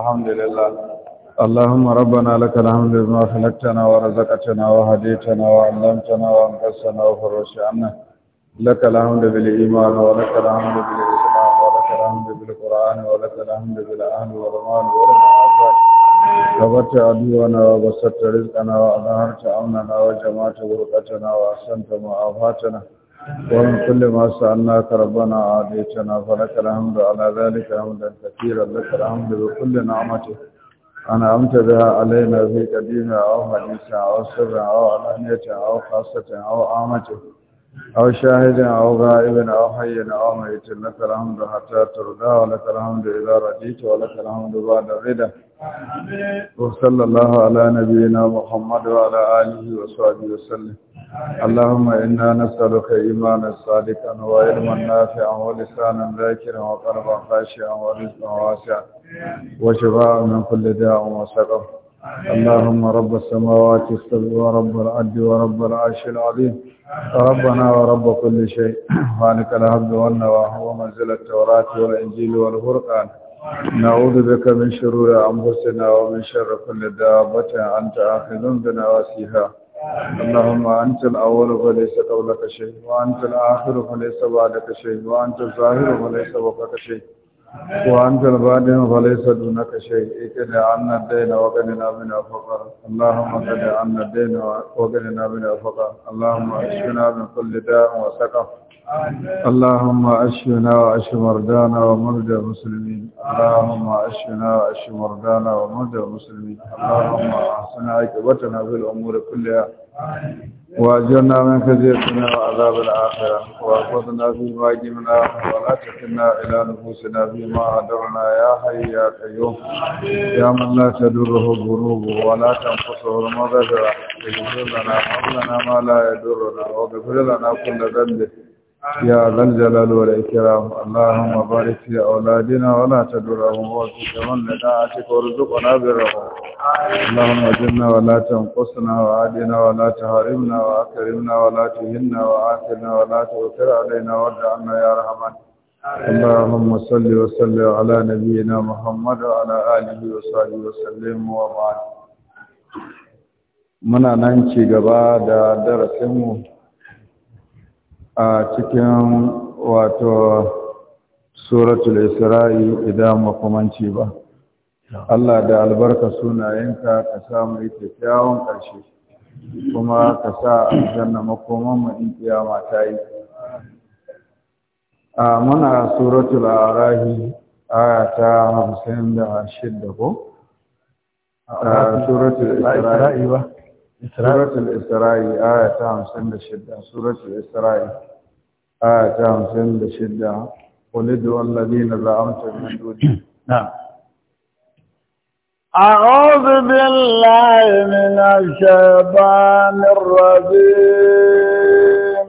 الحمد لله اللهم ربنا لك الحمد بما خلقتنا ورزقتنا وهديتنا وعلمتنا وانقذتنا وفرجت عنا لك الحمد بالإيمان ولك الحمد بالإسلام ولك الحمد بالقرآن ولك الحمد بالأهل والمال والمعافات كبرت عدونا وبسطت رزقنا وأظهرت أمننا وجمعت برقتنا وأحسنت معافاتنا ومن كل ما سألناك ربنا عاديتنا فلك الحمد على ذلك حمدا كثيرا لك الحمد بكل نعمته أنعمت بها علينا في قديم أو حديث أو سر أو علانية أو خاصة أو عامة أو شاهد أو غائب أو حي أو ميت لك الحمد حتى ترضى ولك الحمد إذا رجيت ولك الحمد بعد غدا وصلى الله على نبينا محمد وعلى آله وصحبه وسلم اللهم إنا نسألك إيمانا صادقا وعلما نافعا ولسانا ذاكرا وقلبا خاشعا ورزقا واسعا وشفاء من كل داء وسقم اللهم رب السماوات السبع ورب العد ورب العرش العظيم ربنا ورب كل شيء خالق العبد والنوى هو منزل التوراة والإنجيل والفرقان نعوذ بك من شرور أنفسنا ومن شر كل دابة أنت آخذ بنواسيها اللهم أنت الأول فليس قولك شيء وأنت الآخر فليس بعدك شيء وأنت الظاهر فليس فوقك شيء وأنت البادن فليس دونك شيء اكد عنا الدين وقننا من الفقر اللهم قد عنا الدين وقننا من الفقر اللهم اشفنا من كل داء وسقم اللهم أشفنا وأشف مرضانا ومرضى المسلمين اللهم أشفنا وأشف مرضانا ومرضى المسلمين اللهم احسن عاقبتنا في الأمور كلها وأجرنا من خزيتنا وعذاب الآخرة وأخذنا في واجبنا ولا تكلنا إلى نفوسنا فيما أدرنا يا حي يا قيوم يا من لا تدره الذنوب ولا تنقصه المغفره اغفر لنا حولنا ما لا يدرنا واغفر لنا كل ذنب يا ذا الجلال والإكرام اللهم بارك في أولادنا ولا تدرهم وفي وارزقهم لداعتك وارزقنا برهم اللهم أجلنا ولا تنقصنا وعادنا ولا تهرمنا وأكرمنا ولا تهنا وآثرنا ولا تؤثر علينا وارد عنا يا رحمن اللهم صل وسلم على نبينا محمد وعلى آله وصحبه وسلم وبعد منا ننشي ci gaba a cikin wato suratul isra'i idan makamanci ba Allah da albarka sunayenka ka samu yi kyakkyawan ƙarshe kuma ka sa aljanna makoman mu in kiyama ta yi a muna suratul arahi aya ta hamsin da shidda ko suratul isra'i ba سورة الإسراء آية تام سند الشدة سورة الإسراء آية تام سند الشدة قل ادعوا الذين زعمتم من دونه نعم أعوذ بالله من الشيطان الرجيم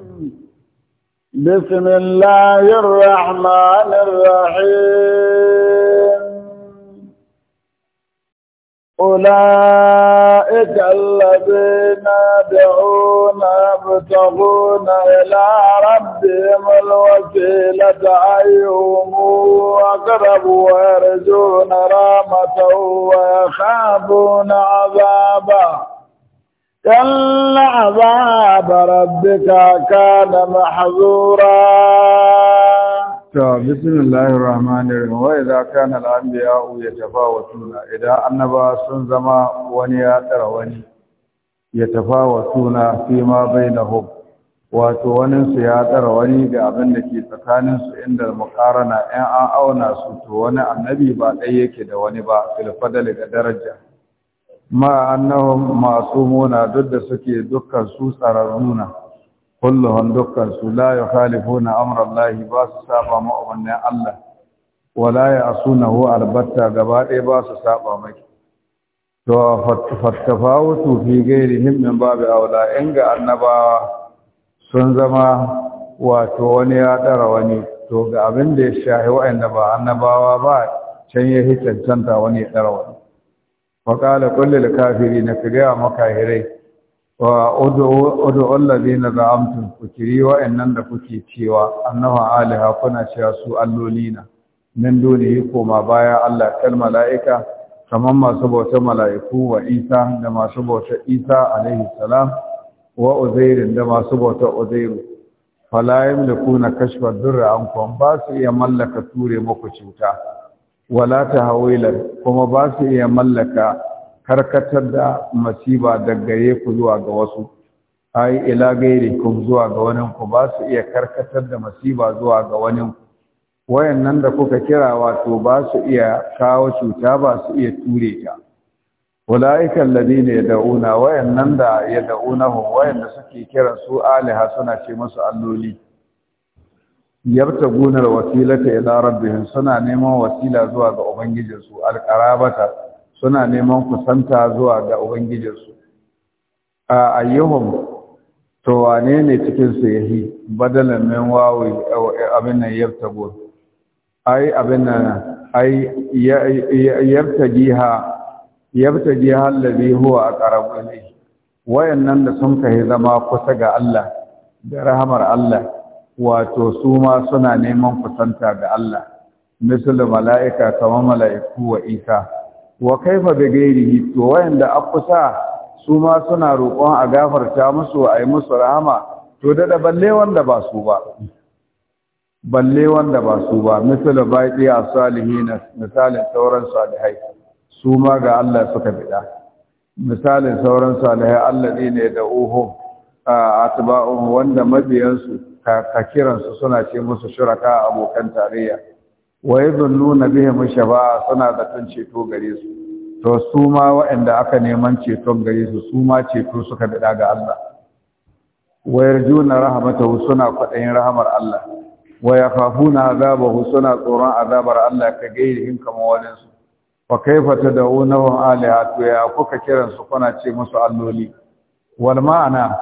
بسم الله الرحمن الرحيم أولئك الذين يدعون يبتغون إلى ربهم الوسيلة أيهم أقرب ويرجون رحمته ويخافون عذابه كل عذاب ربك كان محظورا To bismillahir rahmanir rahim wa idza kana al-anbiya'u yatafawatuna idan annaba sun zama wani ya tsara wani ma wato wani su ya tsara wani ga abin da ke tsakanin su inda muqarana in an auna su to wani annabi ba ɗaya yake da wani ba filfadali ga daraja ma annahum muna duk da suke dukkan su tsararruna kullum dukkansu su la ya khalifu na amurallahi ba su saba ma'ubannin Allah wala ya asu na hu albatta gaba ɗaya ba su saba maki to fattafawutu fi gairi himmin babu aula in ga annabawa sun zama wato wani ya ɗara wani to ga abin da ya shahi wa'anda ba annabawa ba can ya hi cancanta wani ya ɗara wani faƙala kullum kafiri na kiriya makahirai wa udu alladhina za'amtum kukiri waɗannan da kuke cewa annaha alaha kuna cewa su allolina nan dole yi koma baya Allah kal mala'ika kaman masu bautar mala'iku wa Isa da masu bautar Isa alaihi salam wa Uzair da masu bautar Uzair fala yamlikuna kashfa durra ankum ba su iya mallaka ture muku cuta wala tahwilan kuma ba su iya mallaka karkatar da masiba daggare ku zuwa ga wasu ai ila ku zuwa ga wanin ku ba su iya karkatar da masiba zuwa ga wanin ku wayannan da kuka kira wato ba su iya kawo cuta ba su iya ture ta ulaika alladine yad'una wayannan da yad'unahu wayanda suke kira su aliha suna ce musu alloli yabtaguna wasilata ila rabbihim suna neman wasila zuwa ga ubangijinsu alqarabata suna neman kusanta zuwa ga ubangijinsu a ayyuhun, to wane ne cikin ya yi badalin min wawi abin nan yabtago ai abin nan ai yabtagiha yabtagiha allazi huwa aqrabu Wayan nan da sun kai zama kusa ga Allah da rahamar Allah wato su ma suna neman kusanta ga Allah misal mala'ika kamar mala'iku wa wa kaifa bi ghairihi to wayanda akusa su ma suna roƙon a gafarta musu a yi musu rahama to da balle wanda ba su ba balle wanda ba su ba misal baiti as-salihin misalin sauran salihai su ma ga Allah suka bida misalin sauran salihai Allah ne da uhu atba'u wanda mabiyansu ka kiransu suna ce musu shuraka abokan tarayya wa yadhunnuna bihim shafa'a suna da tun ceto gare su to su ma waɗanda aka neman ceton gare su su ma ceto suka daɗa ga Allah wa yarjuna rahmatahu suna kwaɗayin rahamar Allah wa yakhafuna azabahu suna tsoron azabar Allah ka hin kama wani su fa kaifa alaha to ya kuka kiran su kuna ce musu alloli wal ma'ana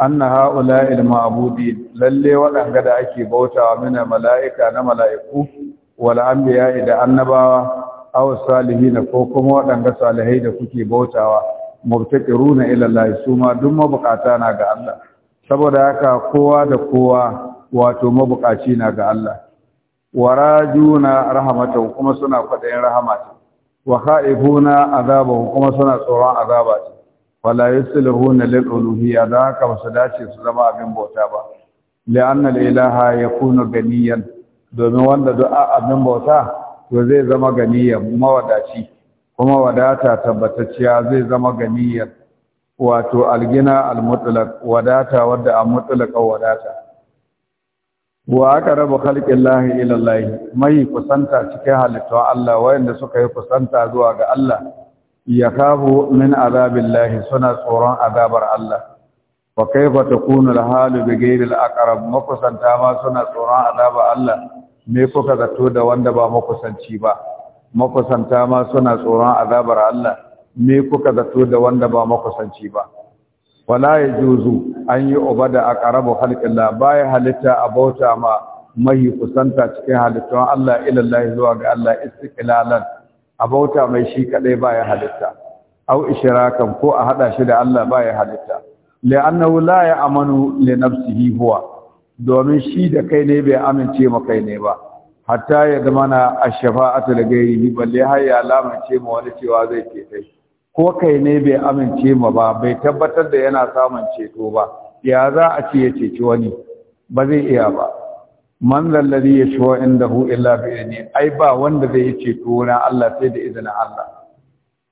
anna ha'ula'il ma'budin lalle waɗanga da ake bautawa mina mala'ika na mala'iku wal anbiya da annabawa aw salihin ko kuma waɗanda salihai da kuke bautawa mubtaqiruna ila Allah su ma duk mabukata na ga Allah saboda haka kowa da kowa wato mabukaci na ga Allah warajuna rahmatan kuma suna kwadayin rahmatan wa khaifuna azabahu kuma suna tsoron azaba ce wala yusluhuna lil uluhiyya da haka dace su zama abin bauta ba li'anna al ilaha yakunu ganiyan domin wanda du'a abin bauta to zai zama ganiyar mawadaci kuma wadata tabbatacciya zai zama ganiyar wato algina almutlaq wadata wadda a mutlaqa wadata wa aka raba khalqin lahi ila mai kusanta cikin halittun Allah wayanda suka yi kusanta zuwa ga Allah Yakabu! min azabin lahi suna tsoron azabar Allah wa kaifa takunu alhalu bi ghairi makusanta ma suna tsoron azabar Allah me kuka zato da wanda ba makusanci ba makusanta ma suna tsoron azabar Allah me kuka zato da wanda ba makusanci ba wala yajuzu an yi ubada aqrabu khalqillah bai halitta abauta ma mai kusanta cikin halittun Allah Allah zuwa ga Allah istiqlalan abauta mai shi kadai bai halitta au ishrakan ko a hada shi da Allah bai halitta li'annahu la ya'manu li nafsihi huwa domin shi da kai ne bai amince ma kai ne ba hatta ya zama na ashafa'atu da gairi balle har ya lamince ma wani cewa zai ke kai ko kai ne bai amince ma ba bai tabbatar da yana samun ceto ba ya za a ce ya ceci wani ba zai iya ba man lallari ya shi wa'in da hu illa bi ne ai ba wanda zai yi ceto na Allah sai da izinin Allah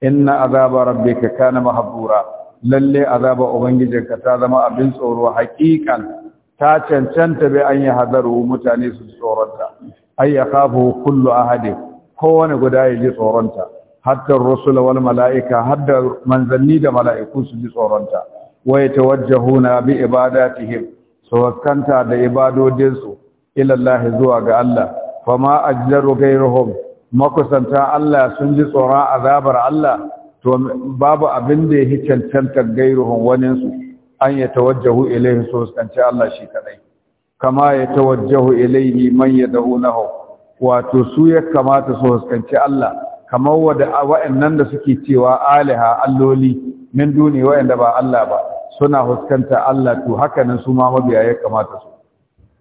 inna azaba rabbika kana mahbura lalle azaba ubangijinka ta zama abin tsoro haƙiƙan ta cancanta bai an yi hadaru mutane su tsoronta ai ya kafu kullu ahadi kowane guda ya ji tsoronta hatta rusula wal mala'ika hatta manzanni da mala'iku su ji tsoronta wa yatawajjahuna bi ibadatihim su kanta da ibadodinsu ila Allah zuwa ga Allah fama ajjaru ghayruhum makusanta Allah sun ji tsoron azabar Allah to babu abin da ya cancanta gairuhun waninsu an ya tawajjahu ilayhi so kanci Allah shi kadai kama ya tawajjahu ilayhi man yad'unahu wato su ya kamata su huskanci Allah kamar wada wa'annan da suke cewa aliha alloli min duni wa'anda ba Allah ba suna huskanta Allah to haka nan su ma mabiya ya kamata su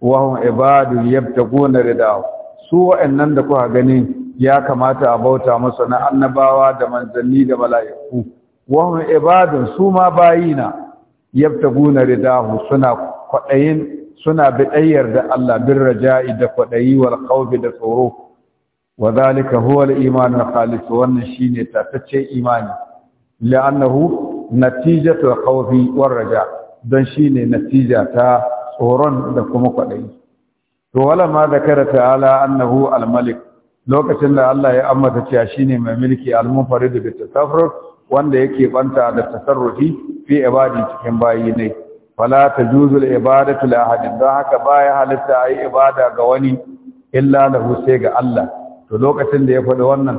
wa hum ibadu yabtaguna ridahu su wa'annan da kuka gani ya kamata a bauta musu na annabawa da manzanni da mala'iku wa hum ibadu su ma bayina yabtaguna ridahu suna kwadayin suna bidayyar da Allah bin raja'i da kwadayi wal khawfi da tsoro wa huwa al iman al khalis wannan shine tatacce imani la'annahu natijatu al khawfi war raja dan shine natija ta tsoron da kuma kwadayi to wala ma zakara ta'ala annahu al malik lokacin da Allah ya ammata cewa shine mai mulki al munfarid bi tasarruf wanda yake banta da tasarrufi fi ibadi cikin bayi ne ta tajuzul ibadatu la ahadin don haka baya halitta ayi ibada ga wani illa lahu sai ga Allah to lokacin da ya faɗi wannan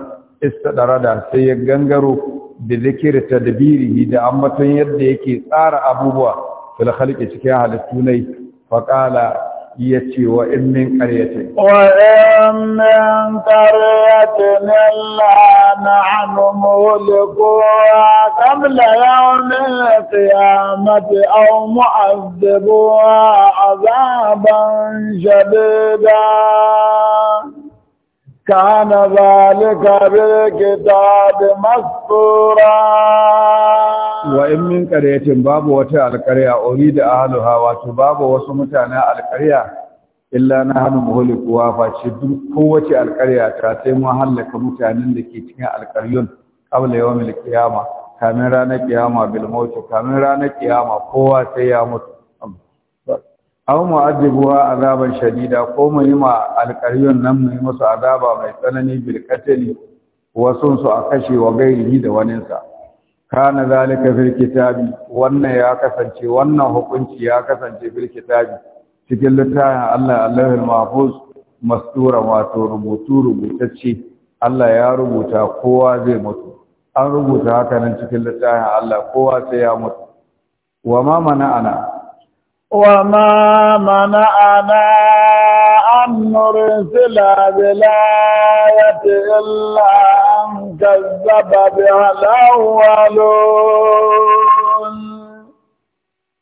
da sai ya gangaro da zikir tadbirihi da tun yadda yake tsara abubuwa fil khalqi cikin halittu ne faqala yace wa in min qaryatin wa in min qaryatin illa nahnu mulikuha qabla yawm al-qiyamati aw mu'adhibuha azaban shadida كان ذلك بالكتاب مسطورا وإن من قرية باب وتا القرية أريد أهلها وتباب وسمتنا القرية إلا نحن مهلك وافا فشد قوة القرية تاتم وهلك متانين لكي تنع القريون قبل يوم القيامة كاميرا نقيامة بالموت كاميرا نقيامة قوة سيامة aw mu'adibuha azaban shadida ko mu yi ma alƙaryon nan mu yi musu azaba mai tsanani bil qatli sun su a kashe wa gairi da waninsa kana zalika fil kitabi wannan ya kasance wannan hukunci ya kasance fil kitabi cikin littafin Allah Allahul Mahfuz mastura wato rubutu rubutacce Allah ya rubuta kowa zai mutu an rubuta haka nan cikin littafin Allah kowa sai ya mutu wa ma ana وما منعنا أن نرسل بالآية إلا أن كذب بها الأولون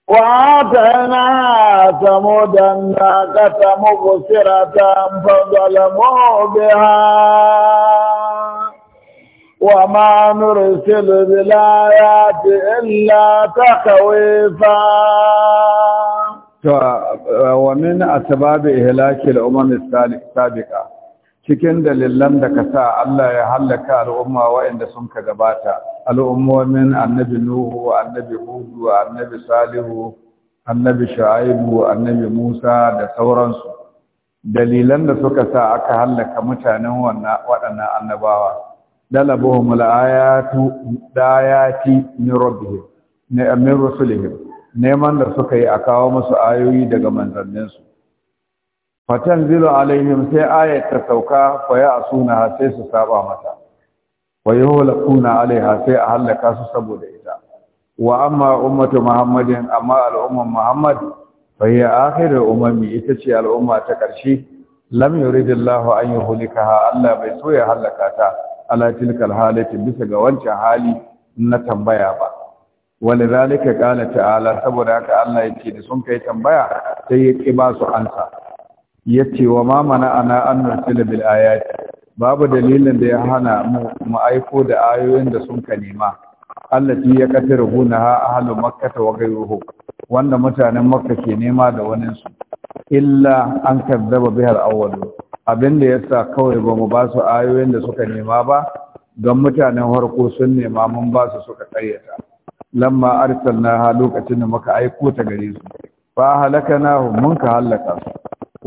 وآتينا ثمود الناقة مبصرة فظلموا بها وما نرسل بالآيات إلا تخويفا Eh, wa min asbabi ihlakil umam cikin dalilan da ka sa Allah ya hallaka al'umma waɗanda sun ka gabata al'ummomin annabi nuhu annabi hudu annabi salihu annabi shu'aibu annabi musa da sauransu dalilan da suka sa aka hallaka mutanen waɗannan annabawa dalabuhum al'ayatu dayati min rabbihim min rusulihim neman da suka yi a kawo musu ayoyi daga manzanninsu fatan zilo alaihim sai ayat ta sauka fa a suna sai su saba mata wa suna alaiha sai a hallaka su saboda ita wa amma ummatu muhammadin amma al'umman muhammad fa a ahirar umami ita ce al'umma ta ƙarshe, lam yuridillahu an ha Allah bai so ya hallaka ta ala tilkal halati bisa ga wancan hali na tambaya ba wani zalika kala ta'ala saboda haka Allah ya ce da sun kai tambaya sai ya ki ba su ansa ya wa ma mana ana an nursila bil ayati babu dalilin da ya hana mu aiko da ayoyin da sun ka nema Allah allati ya katar hunaha ahlu makkah wa ghayruhu wanda mutanen makka ke nema da wani su illa an kazzaba bihar awwalu abinda yasa kawai ba mu ba su ayoyin da suka nema ba don mutanen harko sun nema mun ba su suka karyata lamma arsalnaha lokacin da muka aiko ta gare su fa halakanahu mun ka halaka su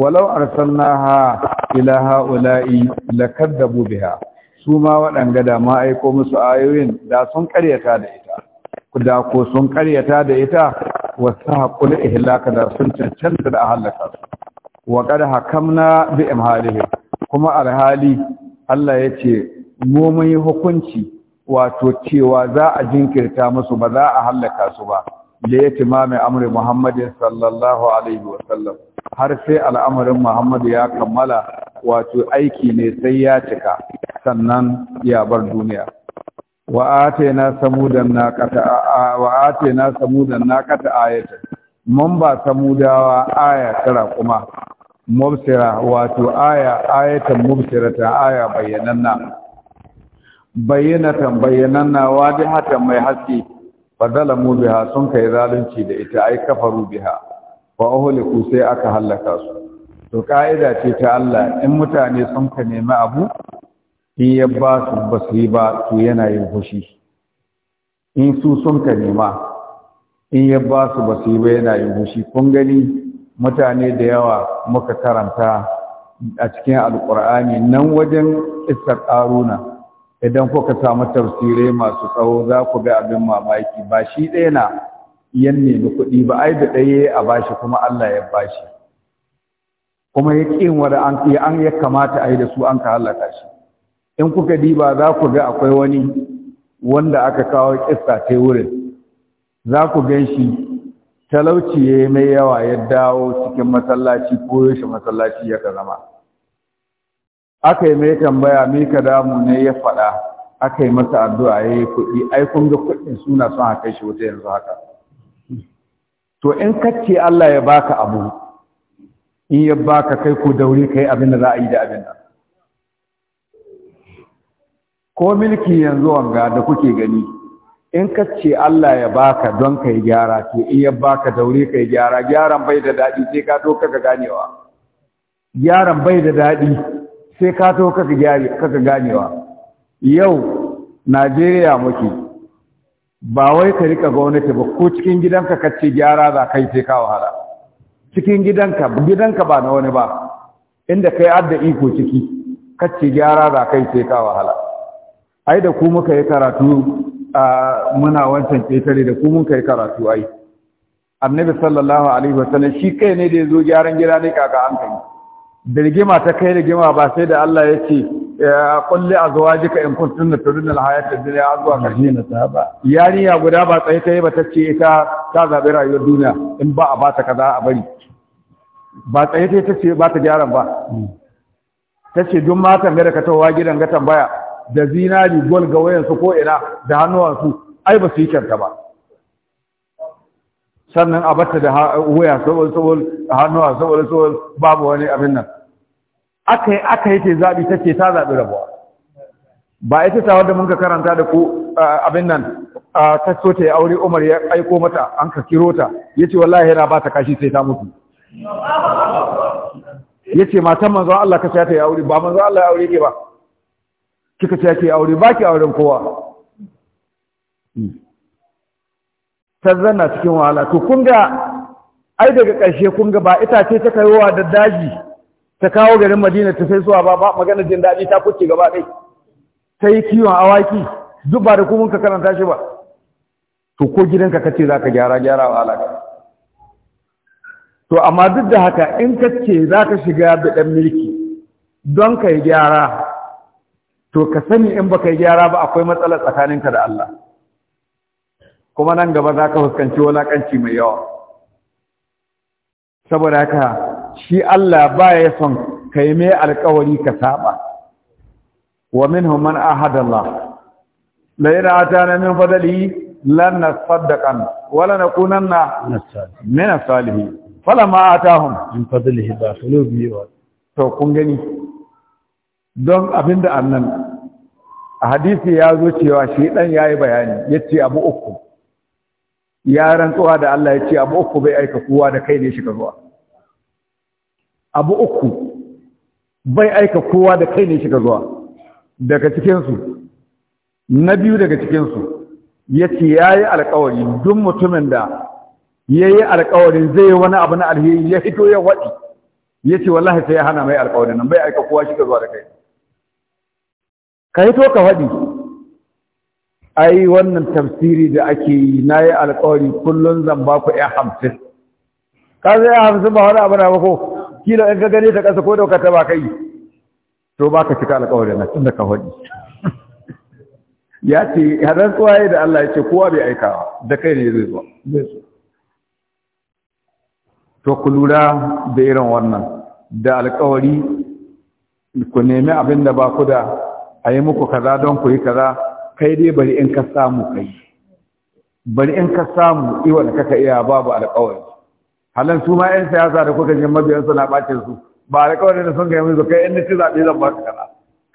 walau arsalnaha ila haula'i lakadabu biha su ma waɗanga da ma aiko musu ayoyin da sun karyata da ita da ko sun karyata da ita wasu haƙul ihlaka da sun cancanta da halaka su wa qad hakamna bi imhalihi kuma alhali Allah yace mu mun yi hukunci wato cewa za a jinkirta musu ba za a hallaka su ba da ya mai amurin Muhammadu sallallahu alaihi wasallam har sai al'amarin muhammadu ya kammala wato aiki ne sai ya cika sannan ya bar duniya wa a samudan na samudan na kata ayata mun ba samudawa aya tara kuma mubsira wato aya ayatan ta aya bayyananna bayyanatan wadi hata mai haske zalamu biha sun kai zalunci da ita ai kafaru biha wa ku sai aka halaka su to ka'ida ce ta Allah in mutane sun ka nemi abu in ya ba su basri ba to yana yin hushi, in su sun ka nema in ya ba su basri ba yana yin fushi kun gani mutane da yawa muka karanta a cikin alkur'ani nan wajen isar ƙaruna idan kuka samu tafsirai masu tsawo za ku ga abin mamaki ba shi ɗaya na yan nemi kuɗi ba ai da ɗaya a bashi kuma Allah ya bashi kuma ya ƙin wani an ya an ya kamata a yi da su an ka halaka shi in kuka diba za ku ga akwai wani wanda aka kawo ƙista ta wurin za ku gan shi talauci ya mai yawa ya dawo cikin masallaci ko yaushe masallaci ya ka zama aka yi mai tambaya mika damu ne ya faɗa aka yi masa addu'a ya yi kuɗi ai kun ga kuɗin suna son haka shi wuta yanzu haka to in kacce Allah ya baka abu in ya baka kai ko daure kai abin da za a yi da abin nan ko milki yanzu wanga da kuke gani in kacce Allah ya baka don ka yi gyara to in ya baka daure kai gyara gyaran bai da daɗi sai ka doka ka ganewa gyaran bai da daɗi sai ka to kaka gyari kaka ganewa yau Najeriya muke ba wai ka rika gwamnati ba ko cikin gidanka ka ce gyara za kai sai ka wahala cikin gidanka gidanka ba na wani ba inda kai adda iko ciki ka ce gyara za kai sai ka wahala ai da ku muka yi karatu a muna wancan ketare da ku mun yi karatu ai annabi sallallahu alaihi wasallam shi kai ne da ya zo gyaran gida ne kaka an kai da rigima ta kai rigima ba sai da Allah ya ce a kulli azwajika in kuntunna turidna alhayata ad-dunya azwa karshen ta ba yariya guda ba tsaye ta yi ba tace ita ta zabi rayuwar duniya in ba a ba ta kaza a bari ba tsaye ta tace ba ta gyaran ba tace duk matan da ka tawa gidan ga tambaya da zinari gol ga wayansu ko ina da hannuwansu ai ba su yi kyanta ba sannan a batta da waya saboda saboda hannuwa saboda tsohon babu wani abin nan aka yi aka yake zaɓi ta ce ta zaɓi rabuwa ba ita ta wadda muka karanta da ku abin nan ta so ta yi aure umar ya aiko mata an ka kiro ta ya ce wallahi yana ba ta kashi sai ta mutu ya ce matan manzo Allah ka ta yi aure ba manzo Allah ya aure ke ba kika ce yi aure ba ki auren kowa ta zanna cikin wahala to kun ga ai daga ƙarshe kun ga ba ita ce ta kaiwa da daji ta kawo garin madina ta sai suwa ba ba, magana jin daɗi ta kuce gaba ɗai ta yi kiwon awaki duk ba da kumun ka karanta shi ba to ko gidanka ka ce za ka gyara gyara wa alaƙa to amma duk da haka in ka ce za ka shiga da ɗan milki don ka yi gyara to ka sani in baka yi gyara ba akwai matsala tsakaninka da Allah kuma nan gaba za ka fuskanci wulaƙanci mai yawa saboda haka shi Allah baya son kai mai alƙawari ka saba wa minhum man ahadallah la ta atana min fadli lan nasaddaqan wa la nakunanna min as-salihin falamma atahum min fadlihi bakhlu bi wa to kun gani don abinda annan a hadisi ya zo cewa shi dan yayi bayani yace abu uku ya rantsuwa da Allah yace abu uku bai aika kowa da kai ne shi ka zuwa abu uku bai aika kowa da kai ne shiga zuwa daga cikinsu na biyu daga cikinsu ya ce ya yi alkawari duk mutumin da ya yi alkawarin zai wani abu na alheri ya fito ya waɗi ya ce wallahi sai ya hana mai alkawarin nan bai aika kowa shiga zuwa da kai ka hito ka waɗi ai wannan tafsiri da ake yi na yi alkawari kullum zan ba ku ya hamsin ka zai ya hamsin ba wani abu na ba ko kila in ka gane ta ƙasa ko daukar ta ba kai to ba ka cika alƙawarin na tun da ka faɗi ya ce hadan tsuwaye da Allah ya ce kowa bai aikawa da kai ne zai zo to ku lura da irin wannan da alƙawari ku nemi abin da ba ku da a yi muku kaza don ku yi kaza kai dai bari in ka samu kai bari in ka samu iwa da kaka iya babu alƙawari halan su ma yan siyasa da kuka jin mabiyan suna bakin su ba kawai da sun ga yanzu kai in ci zaɓe zan baka kana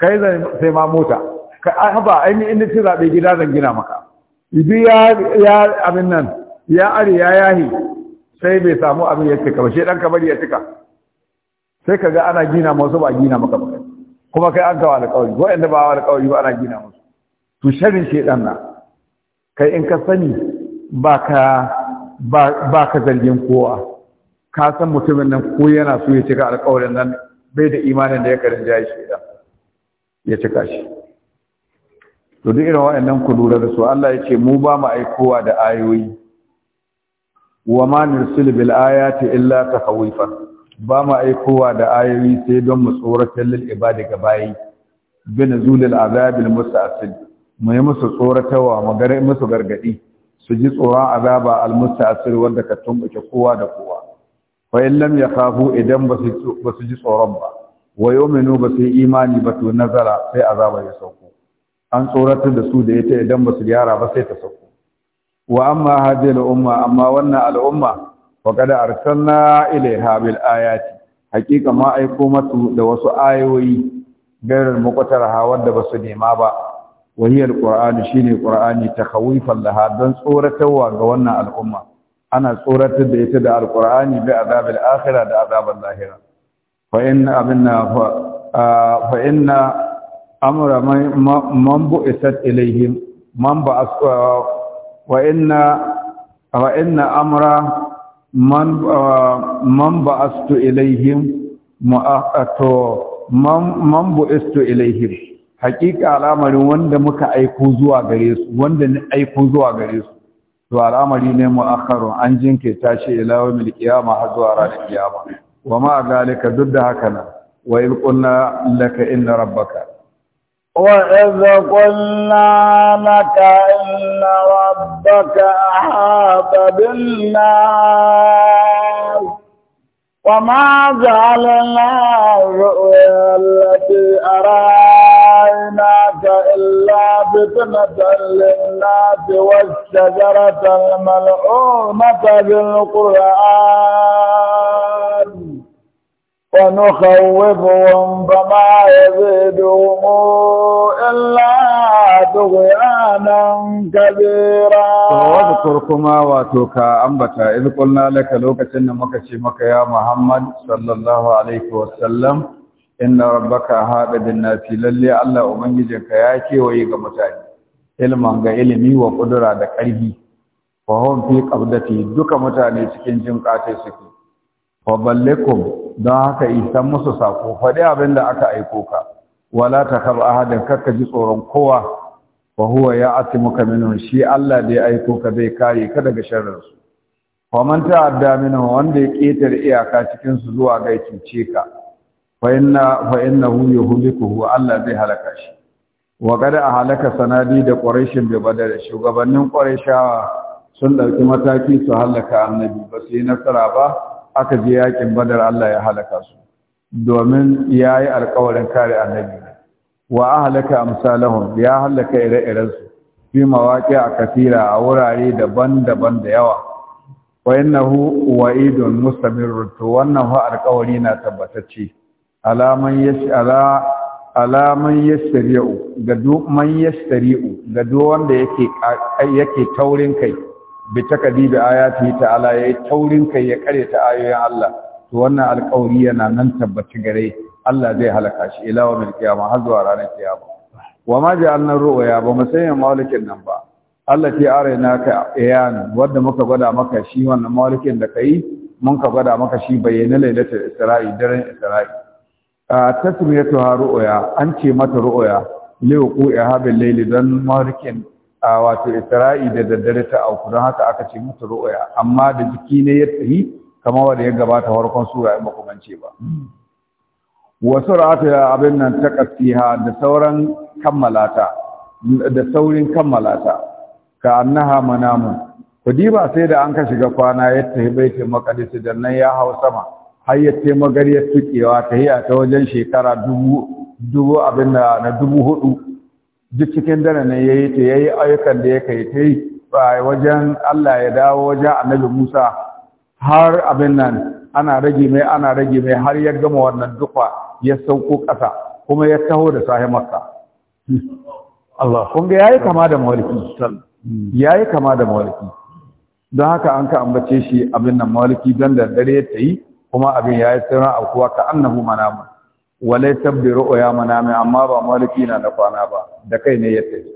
kai zan sai ma mota ka haba ainihin in ci zaɓe gida zan gina maka ibi ya ya abin nan ya ari ya yahi sai bai samu abin ya cika ba shi dan kamar ya cika sai kaga ana gina masu ba gina maka ba kuma kai an kawo alƙawari inda ba alƙawari ba ana gina masu to shi shedan na kai in ka sani ba ka ba ka zargin kowa ka san mutumin nan ko yana so ya cika alƙawarin nan bai da imanin da ya karin jayi shi da ya cika shi to duk irin waɗannan ku lura da su Allah ya ce mu ba mu aikowa da ayoyi wa ma nursil bil ayati illa tahawifan ba mu aikowa da ayoyi sai don mu tsoratar lil ibadi ga bayi bin zulil azabil musta'sil mu yi musu tsoratawa mu gare musu gargadi su ji tsoron azaba al musta'sil wanda ka tumbuke kowa da kowa fa in lam kafu idan ba su ji tsoron ba wa yu'minu ba su imani ba to nazara sai azaba ya sauko an tsoratar da su da ita idan ba su gyara ba sai ta sauko wa amma hadhihi al-umma amma wannan al'umma umma wa qad arsalna ilayha bil ayati haqiqa ma aiko masu da wasu ayoyi gairar makwatar ha da ba su nema ba wa hiya shine qur'ani takhawifan laha don tsoratarwa ga wannan al'umma. ana tsoratar da ita da alqur'ani bi azabil akhirah da azabal lahira fa inna aminna fa inna amra man isat ilayhim man ba wa inna wa inna amra man man astu ilayhim mu'aqato man man bu'istu ilayhim haqiqa al'amarin wanda muka aiko zuwa gare su wanda ni aiko zuwa gare su to al'amari ne mu'akharun an jinkirta shi ila yawmil qiyama har zuwa ranar kiyama wa ma zalika duk da haka nan wa in qulna laka inna rabbaka وإذ قلنا لك وما جعلنا الرؤيا التي أريناك إلا فتنة للناس والشجرة الملعونة بالقرآن ونخوفهم فما يزيدهم إلا طغيانا كبيرا واذكر واتوكا أنبتا إذ قلنا لك لوكة مكشي مك يا محمد صلى الله عليه وسلم إن ربك هابد الناس للي الله أمنجك ياكي ويغ متاكي ilma ga ilimi wa kudura da ƙarfi fa hum fi qabdati duka mutane cikin jin ƙatai suke fa ballikum don haka isan musu sako faɗi abin da aka aiko ka wala ta kaba ahadin kakka ji tsoron kowa wa huwa ya ati muka minun shi Allah da ya aiko ka zai kare ka daga sharrinsu wa man ta'adda minhu wanda ya ƙetare iyaka cikin su zuwa ga cuce ka fa inna fa innahu yuhlikuhu Allah zai halaka shi wa qad ahlaka sanadi da quraishin bi badar shugabannin quraishawa sun ɗauki mataki su halaka annabi ba su yi nasara ba aka je yakin badar Allah ya halaka su domin ya yi alkawarin kare annabi wa ahlaka amsalahum ya halaka ire-iren su fi mawaƙi a kafira a wurare daban-daban da yawa wa innahu wa'idun mustamirr to wannan fa alkawari na tabbatacce alaman yashara alaman yashtari'u ga duk man yashtari'u ga duk wanda yake taurin kai bi takadibi ayati ta'ala yayi taurin kai ya kare ta ayoyin Allah to wannan alƙawari yana nan tabbaci gare Allah zai halaka shi ila wa milkiyama har zuwa ranar kiyama wa ma ja'alna ru'ya ba mu sanya malikin nan ba Allah ce arena ka ayan wanda muka gwada maka shi wannan malikin da kai mun ka gwada maka shi bayyana lailatul isra'i daren isra'i a tasmiyatu ru'ya an ce mata ru'ya liwqu habil layli dan malikin a wato isra'i da daddare ta auku don haka aka ce mata ruaya amma da jiki ne ya tsayi kama wanda ya gabata farkon sura ya baku mance ba wa ya abin nan ta kasiha da sauran kammalata da saurin kammalata ka annaha manamun kudiba sai da an ka shiga kwana ya tafi baitin makadis da nan ya hau sama har ya taimaka magariyar tukewa ta a ta wajen shekara dubu abin da na dubu hudu duk cikin dana ne ya yi ta ya yi ayyukan da ya kai ta yi Ba wajen Allah ya dawo wajen annabi Musa har abin nan ana rage mai ana rage mai har ya gama wannan dukwa ya sauko ƙasa kuma ya taho da sahi makka Allah kun ga yayi kama da Ya yayi kama da mawaliki don haka an ka ambace shi abin nan mawaliki don da dare ta yi kuma abin yayi sirra a kuwa ka annahu manamu walai tabbi ru'ya manami amma ba maliki na na kwana ba da kai ne ya tafi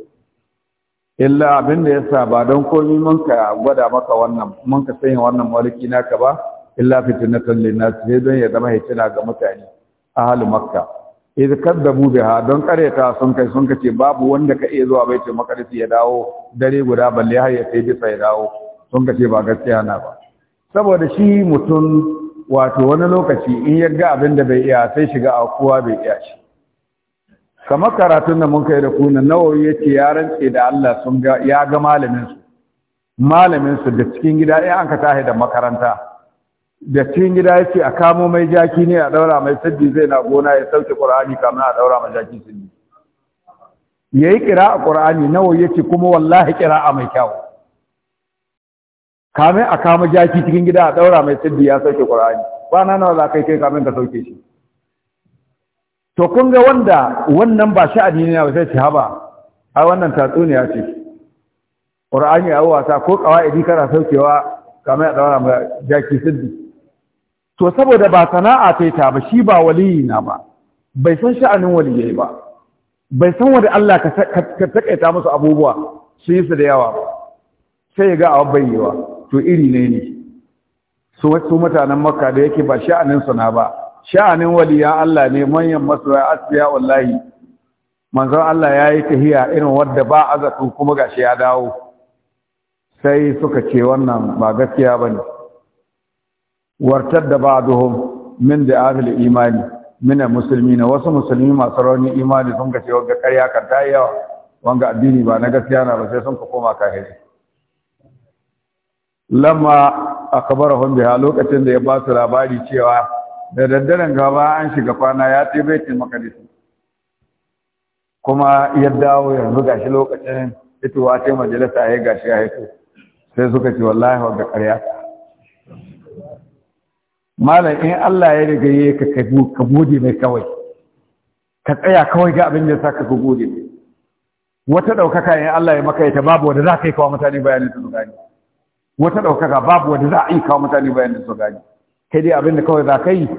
illa abin da yasa ba don komi mun ka gwada maka wannan mun ka sanya wannan maliki naka ba illa fitnatan linnas sai don ya zama hitina ga mutane ahlu makka idh kadabu biha don kareta sun kai sun kace babu wanda ka iya zuwa baitul maqdis ya dawo dare guda balle har ya sai bisa ya dawo sun kace ba gaskiya na ba saboda shi mutum wato wani lokaci in ya ga abin da bai iya sai shiga a kowa bai iya shi kamar karatun da mun kai da kuna nawawi ya ce ya rantse da Allah sun ga ya ga malamin su malamin su da cikin gida in an ka tahi da makaranta da cikin gida ya ce a kamo mai jaki ne a daura mai sabbi zai na gona ya sauke qur'ani kamar a daura mai jaki sabbi yayi qira'a qur'ani nawawi ya ce kuma wallahi a mai kyau kamin a kama jaki cikin gida a daura mai tsiddi ya sauke ba na nawa za kai kai kamin ka sauke shi to kun ga wanda wannan ba sha'ani ne ba sai ci haba a wannan tatsuniya ce ƙwararri ya wasa ko idi kana saukewa kamin a daura mai jaki tsiddi to saboda ba sana'a yi ta ba shi ba waliyi na ba bai san sha'anin waliyai ba bai san wanda Allah ka taƙaita musu abubuwa su yi su da yawa ba, sai ya ga a bayyewa to iri ne ne su wasu mutanen makka da yake ba sha'anin suna ba sha'anin waliyan Allah ne manyan masoya asbiya wallahi manzon Allah ya yi tahiya irin wadda ba azatu kuma gashi ya dawo sai suka ce wannan ba gaskiya bane wartar da ba duhun min da ahli imani min musulmi na wasu musulmi masu rauni imani sun ga cewa ga karya kan ta yawa wanga addini ba na gaskiya na ba sai sun ka koma kafiri lamma akbarahum biha lokacin da ya ba su labari cewa da daddaren gaba an shiga kwana ya ce bai taimaka da kuma ya dawo yanzu gashi lokacin fitowa ta majalisa ya gashi ya haifu sai suka ce wallahi wa ƙarya malam in Allah ya riga ya ka ka gode mai kawai ka tsaya kawai ga abin da ya saka ka gode wata ɗaukaka in Allah ya maka ita babu wanda za ka yi kawo mutane bayanin su gani wata ɗaukaka babu wanda za a yi kawo mutane bayan da su gani kai dai abin da kawai za ka yi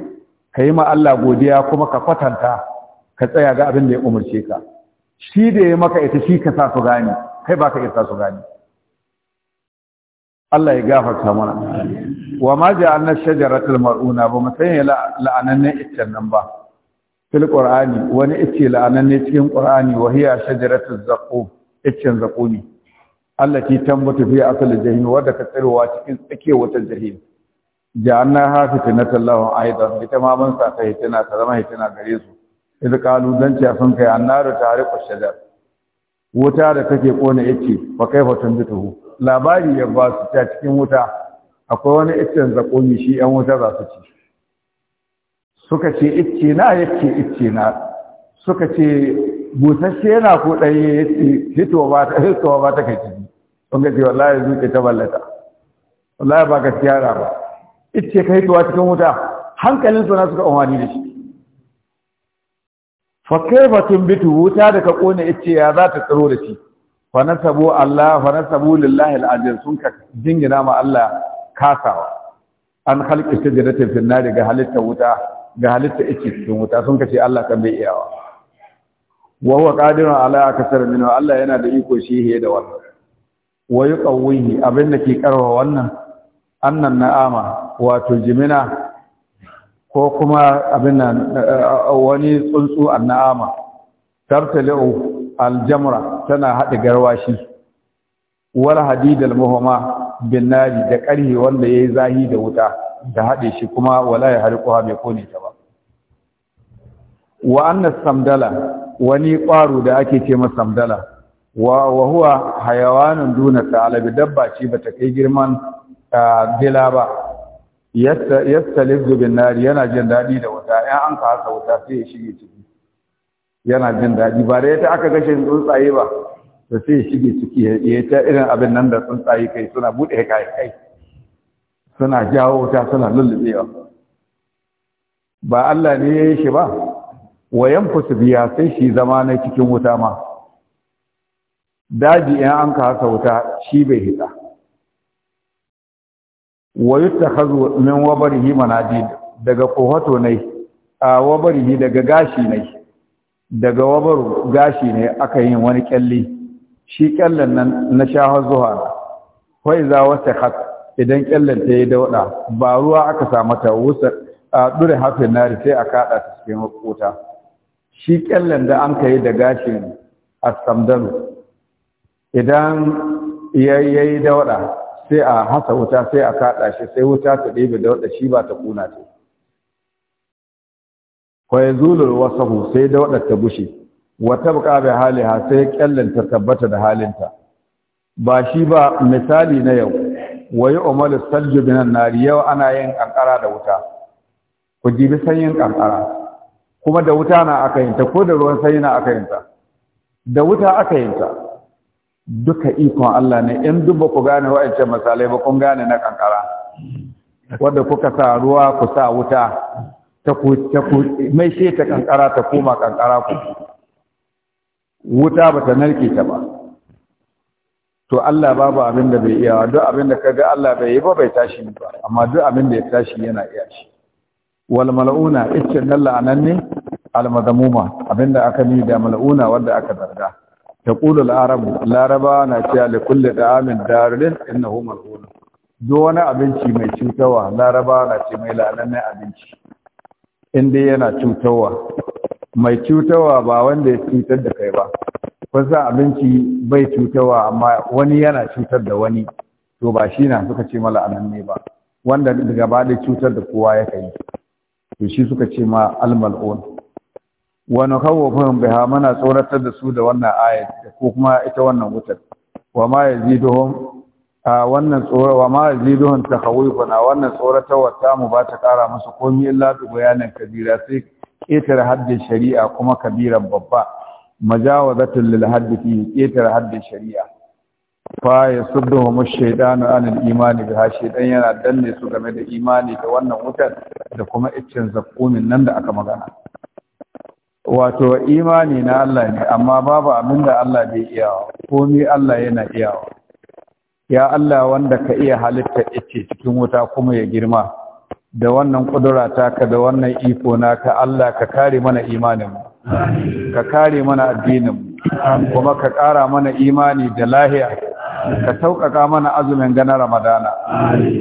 ka yi ma Allah godiya kuma ka kwatanta ka tsaya ga abin da ya umarce ka shi da ya maka ita shi ka sa su gani kai ba ka sa su gani Allah ya gafarta mana wa ma ja'alna shajaratul mar'una ba mu sanya la'ananne iccen nan ba fil qur'ani wani icce la'ananne cikin qur'ani wa hiya shajaratul zaqum iccen zaquni Allah ki tambata fi asali jahim wadda ka tsirwa cikin tsake wata jahim ja'anna ha na lahu aidan ita ma ban sa ta hitina ta zama hitina gare su idan kalu dan ce sun kai annaru tariqu shajar wuta da take kona yace fa tun bitu labari ya ba su ta cikin wuta akwai wani iccen zakomi shi yan wuta za su ci suka ce icce na yace icce na suka ce busasshe yana ko ɗaya yace hitowa ba ta hitowa ba ta kai wanda ga ce wallahi zuke ta ballata wallahi ba ka tiyara ba ice kai tuwa cikin wuta hankalin su na suka umarni da shi fa bi tumbitu wuta da ka kone ice ya za ta tsaro da shi fa na sabu Allah fa nasabu lillahi al sun ka jingina ma Allah kasawa an ta shajaratin fil nar ga halitta wuta ga halitta ice cikin wuta sun kace Allah kan bai iyawa wa huwa qadirun ala akthar minhu Allah yana da iko shi da wannan wa yuqawwihi abin da ke karwa wannan annan na'ama wato jimina ko kuma abinda eh, wani tsuntsu annama tartali'u aljamra tana haɗe garwashi wal hadid almuhama bin da ƙarhe wanda yayi zahi da wuta da haɗe shi kuma wala ya kowa bai kone ta ba wa anna samdala wani ƙwaro da ake ce masa samdala wa wa huwa hayawanun duna talabi dabba ce bata kai girman dila ba yastalizu bin nari yana jin dadi da wuta ya an ka haka wuta sai ya shige ciki yana jin dadi ba da ta aka gashe tsuntsaye ba to sai ya shige ciki ya ta irin abin nan da tsuntsaye kai suna bude kai kai suna jawo wuta suna lullubewa ba Allah ne ya yi shi ba wayan fusu biya sai shi zama na cikin wuta ma daji in an ka wuta shi bai hita wa yuttakhadhu min wabarihi manadid daga kohato ne a wabarihi daga gashi ne daga wabaru gashi ne aka yin wani kyalli shi kyallan nan na shahar zuwa fa iza wasakhat idan kyallan ta yi dauda ba ruwa aka samu ta wusa a dure hafin nari sai a kada ta cikin wuta shi kyallan da an kai da gashin as-samdalu idan da dauɗa sai a hasa wuta sai a kaɗa shi sai wuta ta ɗebe dauɗa shi ba ta kuna ce fa yazulul wasahu sai dauɗa ta bushe wa tabqa bi haliha sai kyallanta tabbata da halinta ba shi ba misali na yau wayi yu'malu salju minan nari yau ana yin kankara da wuta ku jibi sanyin kankara kuma da wuta na aka yinta ko da ruwan sanyi na aka yinta da wuta aka yinta duka ikon Allah ne in duk ba ku gane wa'ancan misalai ba kun gane na kankara wanda kuka sa ruwa ku sa wuta ta ku ta ku mai shi ta kankara ta koma kankara ku wuta ba ta narke ta ba to Allah babu abin da bai iya duk abin da kaga Allah bai yi ba bai tashi ba amma duk abin da ya tashi yana iya shi wal mal'una iccen nan la'anan ne al abinda aka ni da mal'una wanda aka zarga taqulu al-arab laraba na دعام li kulli da'amin darulin innahu mal'un duk wani abinci mai cutarwa laraba na ce mai la'anannen abinci inda yana cutarwa mai cutarwa ba wanda ya tutar da kai ba wasu abinci bai cutarwa amma wani yana cutar da wani to ba shi na suka ce mala ne ba wanda daga bada cutar da kowa ya kai to shi suka ce ma almal'un wa nukhawwifuhum biha muna tsoratar da su da wannan ayat ko kuma ita wannan wutar wa ma yaziduhum a wannan tsoro wa ma yaziduhum wannan tsoratarwa ta mu ba ta kara musu komai illa bayanan kabira sai ƙetare haddin shari'a kuma kabiran babba majawazatul lil haddi fi ƙetare haddin shari'a fa yasudduhum ash-shaytanu an al-imani biha shaytan yana danne su game da imani da wannan wutar da kuma iccen zakkumin nan da aka magana wato imani na Allah ne amma babu abin da Allah bai iyawa komi Allah yana iyawa ya Allah wanda ka iya halitta yake cikin wuta kuma ya girma da wannan kudura taka da wannan iko naka Allah ka kare mana imanin ka kare mana addinin mu kuma ka kara mana imani da lahiya ka sauƙaƙa mana azumin gana ramadana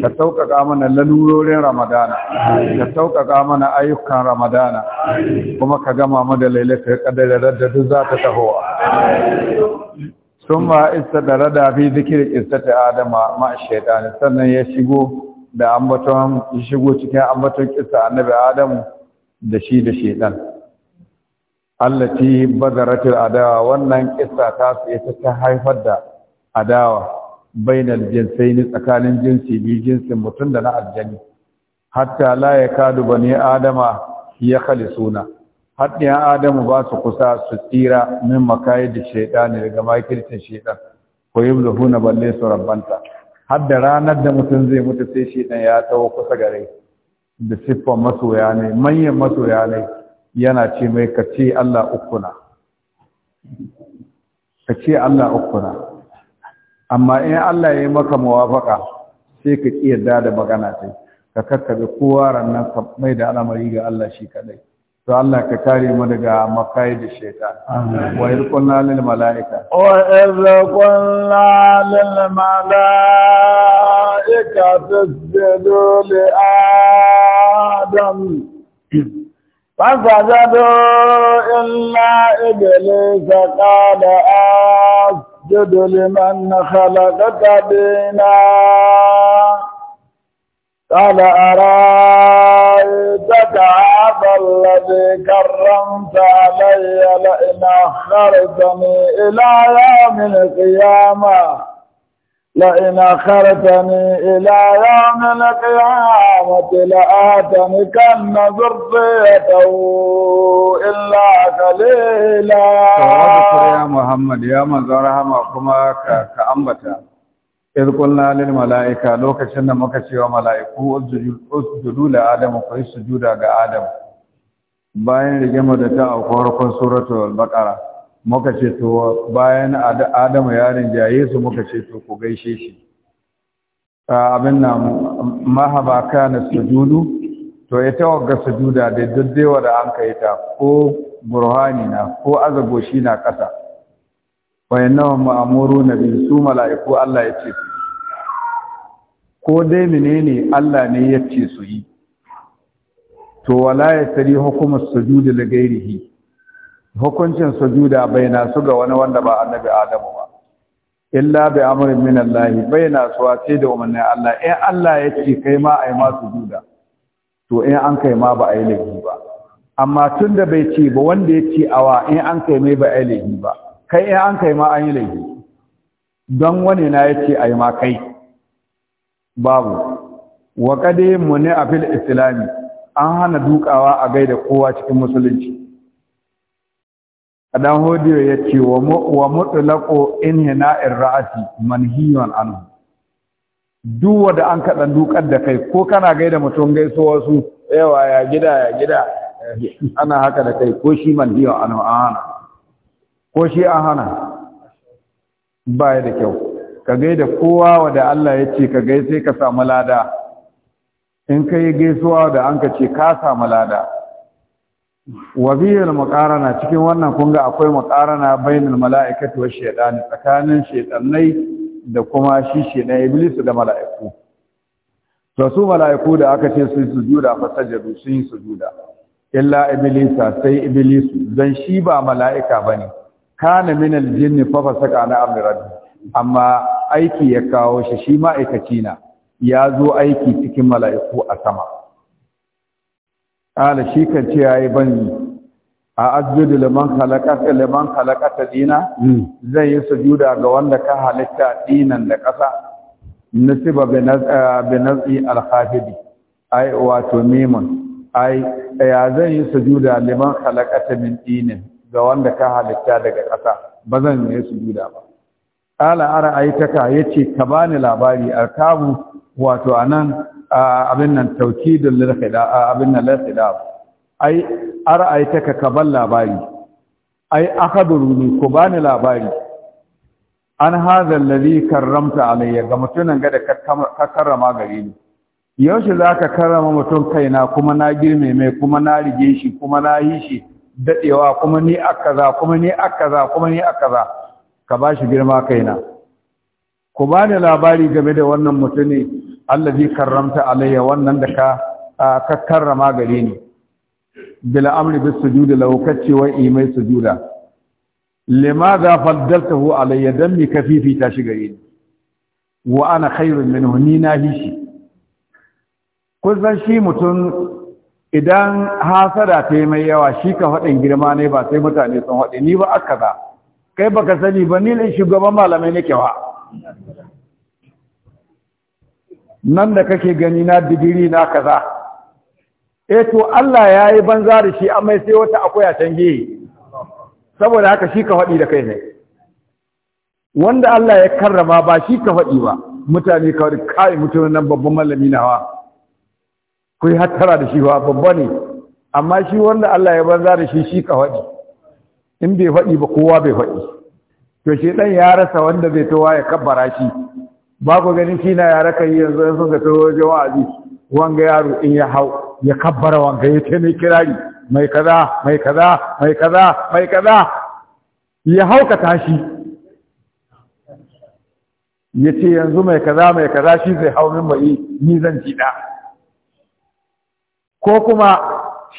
ka sauƙaƙa mana lalurorin ramadana ka sauƙaƙa mana ayyukan ramadana kuma ka gama mu da lailatul qadar da duk za ta taho tahowa ثم استدرد في ذكر قصه ادم مع الشيطان sannan ya shigo da ambaton ya shigo cikin ambaton kissa annabi adam da shi da shaytan allati bazaratul adawa wannan kissa ta su ita ta haifar da adawa bainal jinsaini tsakanin jinsi biyu jinsin mutum da na aljani hatta la yakadu bani adama ya khalisuna hatta adamu ba su kusa su tsira min makayid shaytani daga makircin shaytan ko yabluhuna balle su rabbanta har da ranar da mutum zai mutu sai shaytan ya tawo kusa gare da siffar masoya ne manyan masoya ne yana ce mai ka Allah ukuna kace Allah ukuna amma in Allah ya yi maka muwafaka sai ka ƙi yarda da magana ta ka kakkabe kowa rannan ka mai da al'amari ga Allah shi kadai to Allah ka kare mu daga makai da shaitan wa idh lil malaika wa idh lil malaika tasjudu li adam فسجدوا إلا إبليس قال آس اسجد لمن خلق بنا قال أرأيتك هذا الذي كرمت علي لئن أخرتني إلى يوم القيامة لئن أخرتني إلى يوم القيامة لآتنكن ذريته إلا قليلا يا محمد يا من رحمة كما كأنبتا إذ قلنا للملائكة لو كشن مكشي وملائكو اسجدوا لآدم وقعي سجودا لآدم باين لجمدتا تاو قرقون سورة البقرة muka ce to bayan adamu yarin jaye su muka ce to ku gaishe shi abin nan mahaba kana sujudu to ya tawagga sujuda da daddewa da an kai ta ko burhani na ko azagoshi na ƙasa wayannawa ma'amuru na bin su mala'iku Allah ya ce ko dai menene Allah ne ya ce su yi to wala ya tari hukumar sujudi da gairihi hukuncin sujuda baina su ga wani wanda ba annabi adamu ba illa bi amrin min Allah baina su ce da umarnin Allah in Allah ya ce kai ma ai ma sujuda to in an kai ma ba ai laifi ba amma tunda bai ce ba wanda ya ce awa in an kai mai ba ai laifi ba kai in an kai ma an yi laifi don wani na ya ce ai ma kai babu wa ne muni afil islami an hana dukawa a gaida kowa cikin musulunci dan hodiyo ya ce wa in inhina'ir ra'asi manhiyun an duwa da an kaɗan dukar da kai ko kana gaida mutum gaiso wasu yawa ya gida ya gida ana haka da kai ko shi manhiyun an hana? ko shi an hana baya da kyau ka gaida kowa wada Allah ya ce ka gai sai ka samu lada in ka yi gaisuwa da an ka ce ka samu lada wa bihil cikin wannan kunga akwai makarana bainal mala'ikati wa shaytan tsakanin shaytanai da kuma shi na iblis da mala'iku to su mala'iku da aka ce su sujuda sajadu sun yi sujuda illa iblis sai iblis dan shi ba mala'ika bane kana min jinni fa fasaka ana amri rabbi amma aiki ya kawo shi shi ma'aikaci na ya zo aiki cikin mala'iku a sama ƙala shi kan ce ya yi banyi a asjudu liman halakata liman halakata dina zai yi sujuda ga wanda ka halitta dinan da ƙasa nasiba bi nazi alhafidi ai wato mimun ai ya zan yi sujuda liman halakata min dinin ga wanda ka halitta daga ƙasa ba zan yi sujuda ba ƙala ara aitaka yace ka bani labari arkabu wato anan abin nan taukidun lirhida abin nan lirhida ai ara'aitaka ka ban labari ai akhaduruni ku bani labari an hadha alladhi karramta alayya ga mutunan ga da ka karrama gare ni yaushe zaka karrama mutum kaina kuma na girme mai kuma na rige shi kuma na yi shi dadewa kuma ni akaza kuma ni akaza kuma ni akaza ka bashi girma kaina ku bani labari game da wannan mutune allazi karramta alayya wannan da ka karrama gare ni bil amri bis sujudi law kace wa imai sujuda limadha faddaltahu alayya dan kafifi ta shi ni wa ana khairun minhu ni na hishi kun shi mutum idan hasada ta yi mai yawa shi ka faɗin girma ne ba sai mutane sun faɗi ni ba aka kai baka sani ba ni ne shugaban malamai nake wa nan da kake gani na digiri na kaza eh to Allah ya yi banza da shi amai sai wata akwai a canje saboda haka shi ka faɗi da kai ne wanda Allah ya karrama ba shi ka faɗi ba mutane kawai kai mutumin nan babban malami nawa ku yi hattara da shi ba babba ne amma shi wanda Allah ya banza da shi shi ka faɗi in bai faɗi ba kowa bai faɗi to shi ɗan ya rasa wanda zai towa ya kabbara shi ba ku ganin shi na yara kai yi yanzu sun ka taho wajen wa'azi wanga yaro in ya hau ya kabbara wanga ya ce mai kirari mai kaza mai kaza mai kaza mai kaza ya hau ka tashi ya ce yanzu mai kaza mai kaza shi zai hau min mai ni zan ji da ko kuma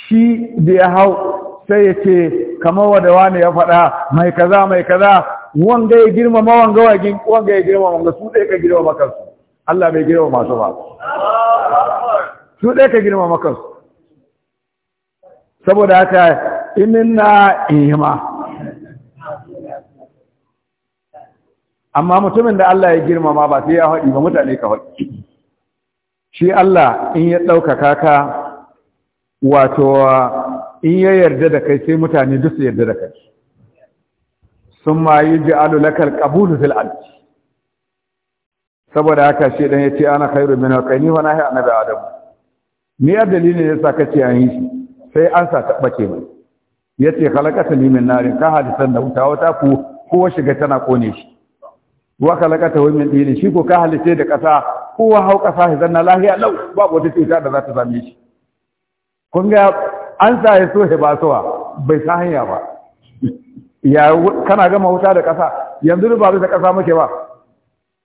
shi da ya hau sai ya ce kamar wadawa ne ya faɗa mai kaza mai kaza wanga ya girmama wanga wagin wanga ya girmama wanga su ɗaya ka girmama kansu Allah bai girmama masu ba su ɗaya ka girmama kansu saboda haka ininna ihima amma mutumin da Allah ya girmama ba sai ya haɗi ba mutane ka haɗi shi Allah in ya ɗaukaka ka wato in ya yarda da kai sai mutane duk su yarda da kai ma yi laka lakar ƙabulu fil ard saboda haka shi ya ce ana khairu min kai ni wa nahi annabi adam ni ya dalilin ya sa kace an yi shi sai an sa ta bace mai yace khalaqata li min narin ka hadisan da wuta wata ku kowa shiga tana kone shi wa khalaqata wa min dinin shi ko ka halice da kasa kowa hau kasa shi zanna lahiya lau babu wata cuta da za ta same shi kun ga an sa ya so ba sowa bai sa hanya ba ya kana gama wuta da ƙasa yanzu duk ba bisa ƙasa muke ba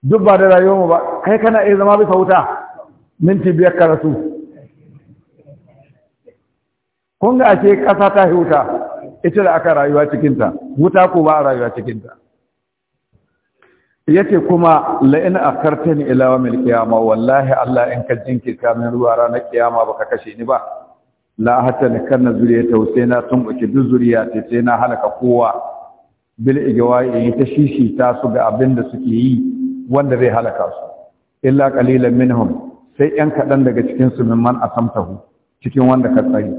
duk ba da rayuwar mu ba kai kana iya zama bisa wuta minti biyar ka rasu kun ga ake ƙasa ta wuta ita da aka rayuwa cikinta wuta ko ba a rayuwa cikinta yace kuma la'in akartani ila mil qiyamah wallahi Allah in ka jinkirta min ruwa ranar kiyama baka kashe ni ba la kan na ta sai na buke duk zuriya ta sai na halaka kowa bil igwa'i ta shishi ta su ga abin da suke yi wanda zai halaka su illa qalilan minhum sai yan kadan daga cikin su man asamtahu cikin wanda ka tsari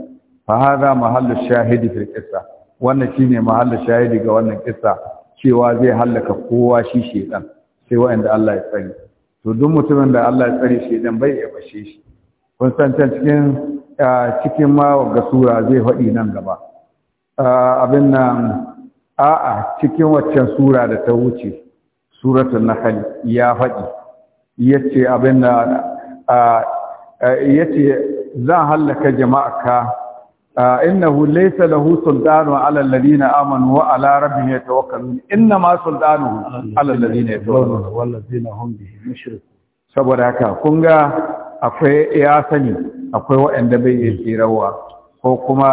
fa hada mahallu shahidi fil qissa wannan shine mahallu shahidi ga wannan qissa cewa zai halaka kowa shi shedan sai wanda Allah ya tsari to duk mutumin da Allah ya tsari shedan bai ya bashe shi kun san cikin cikin ma ga sura zai faɗi nan gaba abin nan a'a cikin waccan sura da ta wuce na hali ya faɗi yace abin nan yace zan hallaka jama'aka innahu laysa lahu sultanu ala alladhina amanu wa ala rabbihim yatawakkalun inna ma sultanuhu ala alladhina yatawakkalun wal ladina hum bihi mushrikun saboda haka kun ga akwai ya sani akwai waɗanda bai iya tsirarwa ko kuma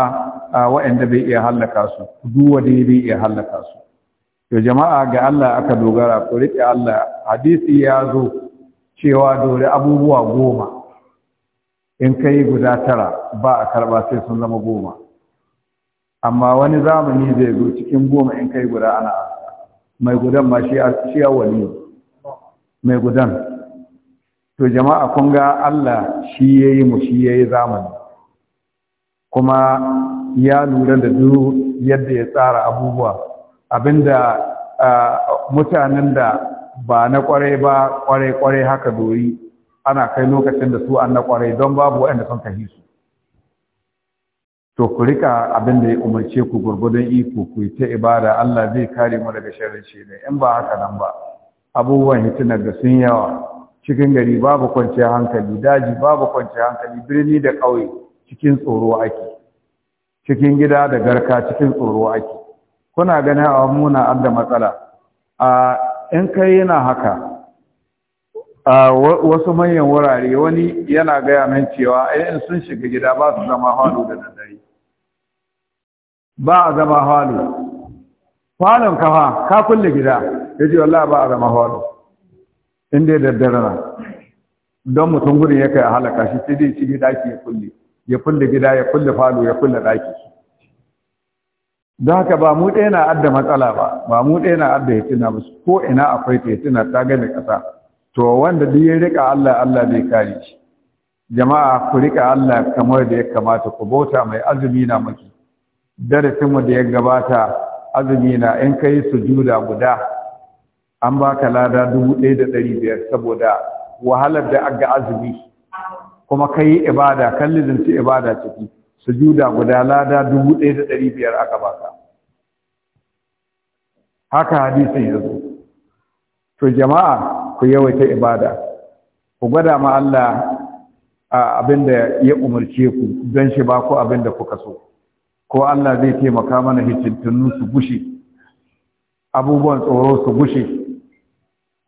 waɗanda bai iya hallaka su duwa dai bai iya hallaka su to jama'a ga Allah aka dogara ku riƙe Allah hadisi ya zo cewa dole abubuwa goma in kai guda tara ba a karba sai sun zama goma amma wani zamani zai zo cikin goma in kai guda ana mai gudan ma shi a wani mai gudan to jama'a kun ga Allah shi yayi mu shi yayi zamani kuma ya lura da duk yadda ya tsara abubuwa abinda mutanen da ba na kwarai ba kwarai kwarai haka dori ana kai lokacin da su an na kwarai don babu waɗanda sun kahi su to ku rika abin ya umarce ku gurgudun iko ku yi ta ibada Allah zai kare mu daga sharri shi ne in ba haka nan ba abubuwan hitinar da sun yawa cikin gari babu kwanciyar hankali daji babu kwanciyar hankali birni da ƙauye cikin tsoro ake cikin gida da garka cikin tsoro ake kuna ganin a muna an da matsala a in kai yana haka a wasu manyan wurare wani yana gaya min cewa eh, in sun shiga gida ba su zama halu da daddare ba a zama halu falon kafa ka kulle gida ya ji wallah ba a zama halu in dai daddare na don mutum gudun ya kai a halaka shi sai dai cikin daki ya kulle ya kulle gida ya kulle falo ya kulle daki don haka ba mu ɗaya na adda matsala ba ba mu ɗaya na adda ya tuna musu ko ina akwai ta ya tuna ta gane ƙasa to wanda duk ya rika Allah Allah zai kare shi jama'a ku rika Allah kamar da ya kamata ku bauta mai azumi na darasin darasinmu da ya gabata azumi na in kai sujuda guda an baka lada dubu ɗaya da ɗari biyar saboda wahalar da aga azumi kuma ka yi ibada kan lizinci ibada ciki su juda guda lada dubu ɗaya da ɗari biyar aka baka haka hadisin ya zo to jama'a ku yawaita ibada ku gwada ma Allah abin da ya umarce ku don shi ba ku abin da kuka so ko Allah zai taimaka mana hicintunnu su gushe abubuwan tsoro su gushe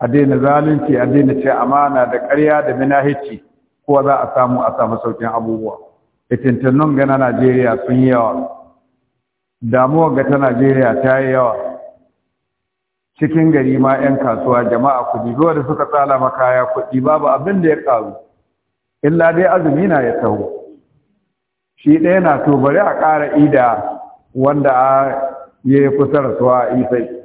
a daina zalunci a daina ce amana da ƙarya da minahici kowa za a samu a samu saukin abubuwa fitintunnun ga na najeriya sun yi yawa Damuwa ga ta najeriya ta yi yawa cikin gari ma 'yan kasuwa jama'a kuɗi zuwa da suka tsala makaya kaya kuɗi babu abin da ya karu illa dai azumi na ya taho shi ɗaya na to bari a ƙara ida wanda a yi kusa rasuwa a isai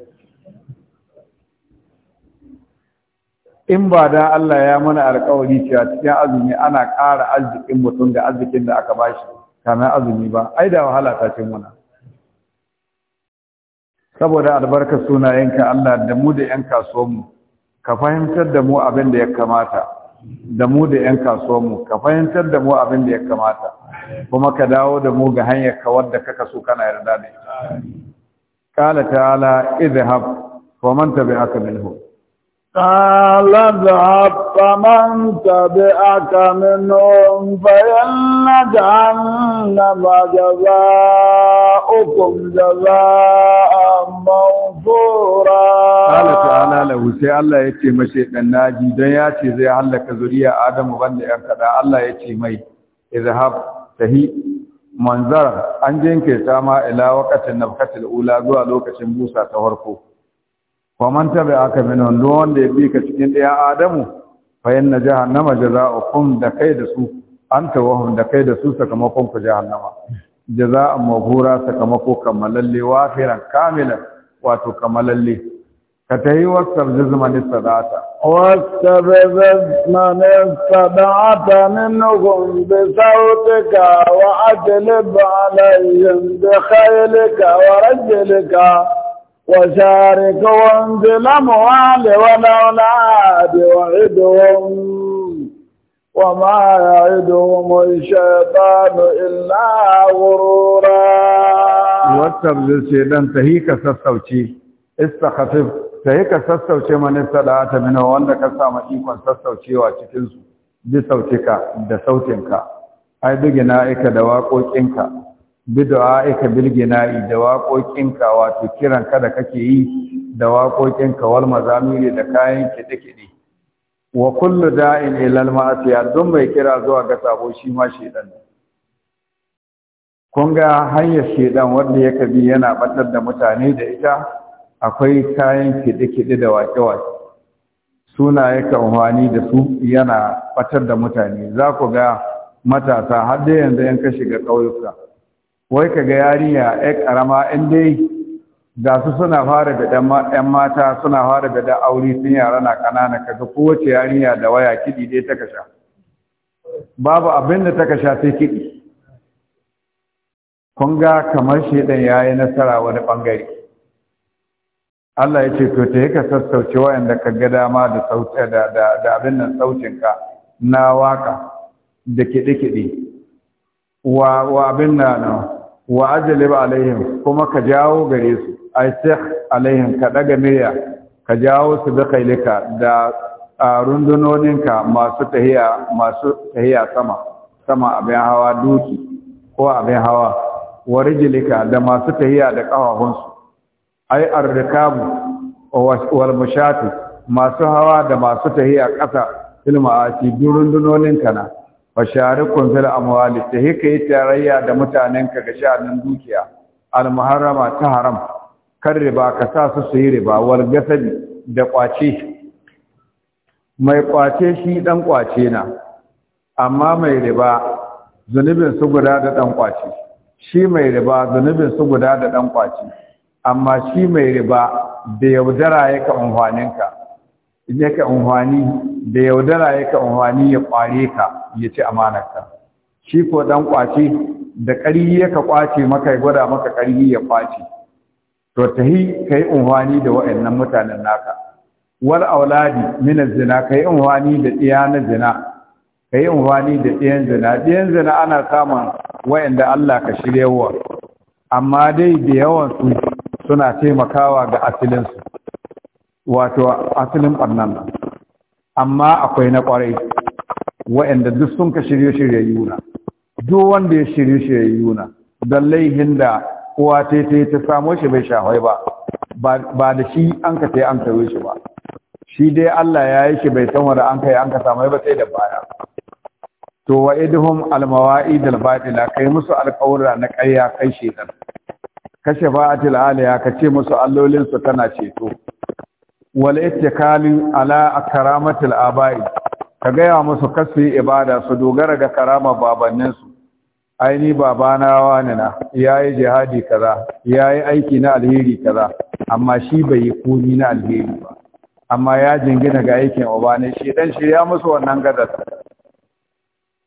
in ba da Allah ya mana alƙawari cewa cikin azumi ana ƙara arzikin mutum da arzikin da aka bashi kamar azumi ba ai da wahala ta ce muna saboda albarkar sunayenka Allah da mu da ƴan kasuwanmu ka fahimtar da mu abin da ya kamata da mu da ƴan kasuwanmu ka fahimtar da mu abin da ya kamata kuma ka dawo da mu ga hanyar ka wadda kaka so kana yarda da ita qala ta'ala idhhab wa man tabi'aka minhum قال اذهب فمن تبعك منهم فإن جهنم جزاؤكم جزاء موفورا قال تعالى له سي الله يتي مشي دان ناجي دان ياتي زي هلك ذريا آدم بند يان كدا الله يتي مي اذهب تهي منظر an jinkirta ma وقت waqatin nafkatil ula zuwa lokacin busa wa man aka minhum duk wanda ya bi ka cikin ɗaya adamu fa inna jahannama jaza'ukum da kai da su anta wa hum da kai da su sakamakon ku jahannama jaza'an maghura sakamako kamalalle wafiran kamilan wato kamalalle ka tayi wasar jizman sadata wasar jizman sadata minhum bi sautika wa ajlib alayhim bi khaylika wa rajlika وشاركهم في الأموال والأولاد وعدهم وما يعدهم الشيطان إلا غرورا واتبذل شيئا تهيك سستوشي استخفف تهيك سستوشي من استدعات منه وانك سامحيكم سستوشي واتكنسو بصوتك بصوتك ai bigina دواقوك da bid'a aika bilgina'i da waƙoƙinka wato kiran ka da kake yi da waƙoƙinka wal mazamiri da kayan kiɗe ne wa kullu da'in ila al-ma'asiya don mai kira zuwa ga sabo shi ma shedan kun ga hanyar shedan wanda ya bi yana batar da mutane da ita akwai kayan ki dake da wake-wake. suna yake umani da su yana batar da mutane za ku ga matasa har da yanzu yan ka shiga ƙauyuka wai kaga yarinya ya karama in dai su suna fara da mata suna fara da aure sun yara na kanana kaga kowace yarinya da waya kiɗi dai ta kasha babu abin da ta kasha sai kiɗi kun ga kamar shedan ya yi nasara wani bangare. Allah ya ce to ta yi ka sassauce wayanda ka ga dama da sauta da da abin nan ka na waka da kiɗe-kiɗe wa abin nan wa ajlib alaihim kuma ka jawo gare su ai sheikh alaihim ka daga miya ka jawo su bi khailika da rundunoninka masu tahiya masu tahiya sama sama abin hawa duki ko abin hawa wa rijlika da masu tahiya da su ai arrikabu wal mushati masu hawa da masu tahiya ƙasa filma a ci durundunoninka na share sharikun fil amwali ta hika yi tarayya da mutanen ka ga sha'anin dukiya al muharrama ta haram kar riba ka sa su su yi riba wal gasabi da kwace mai kwace shi dan kwace na amma mai riba zunubin su guda da dan kwace shi mai riba zunubin su guda da dan kwace amma shi mai riba da yaudara yake amfaninka yake unhwani da yaudara yake unhwani ya kware ka ya ci amanarka shi ko dan kwace da ƙarfi yaka kwace maka ya gwada maka ƙarfi ya kwace to tahi kai unhwani da waɗannan mutanen naka wal auladi min zina kai unhwani da iya na zina kai unhwani da ɗiyan zina ɗiyan zina ana samun waɗanda Allah ka wa amma dai da yawan su suna taimakawa ga asilinsu wato asalin ɓarnan nan amma akwai na ƙwarai wa'anda duk sun ka shirye-shirye yuna duk wanda ya shirye-shirye yuna don laihin da uwa ta yi ta samo shi bai shahwai ba ba da shi an ka sai an karo shi ba shi dai Allah ya yi shi bai san wanda an kai an ka samu ba sai da baya to wa idhum al mawaid al batila kai musu alƙawura na qayya kai shedan kashe atil aliya kace ce musu allolin su tana ceto ita kalin ala a karamatul abai ka gaya musu kasu yi ibada su dogara ga karama babanninsu aini babana wani na ya yi jihadi kaza ya yi aiki na alheri kaza amma shi bai yi komi na alheri ba amma ya jingina ga aikin ne shi dan shi ya musu wannan gadar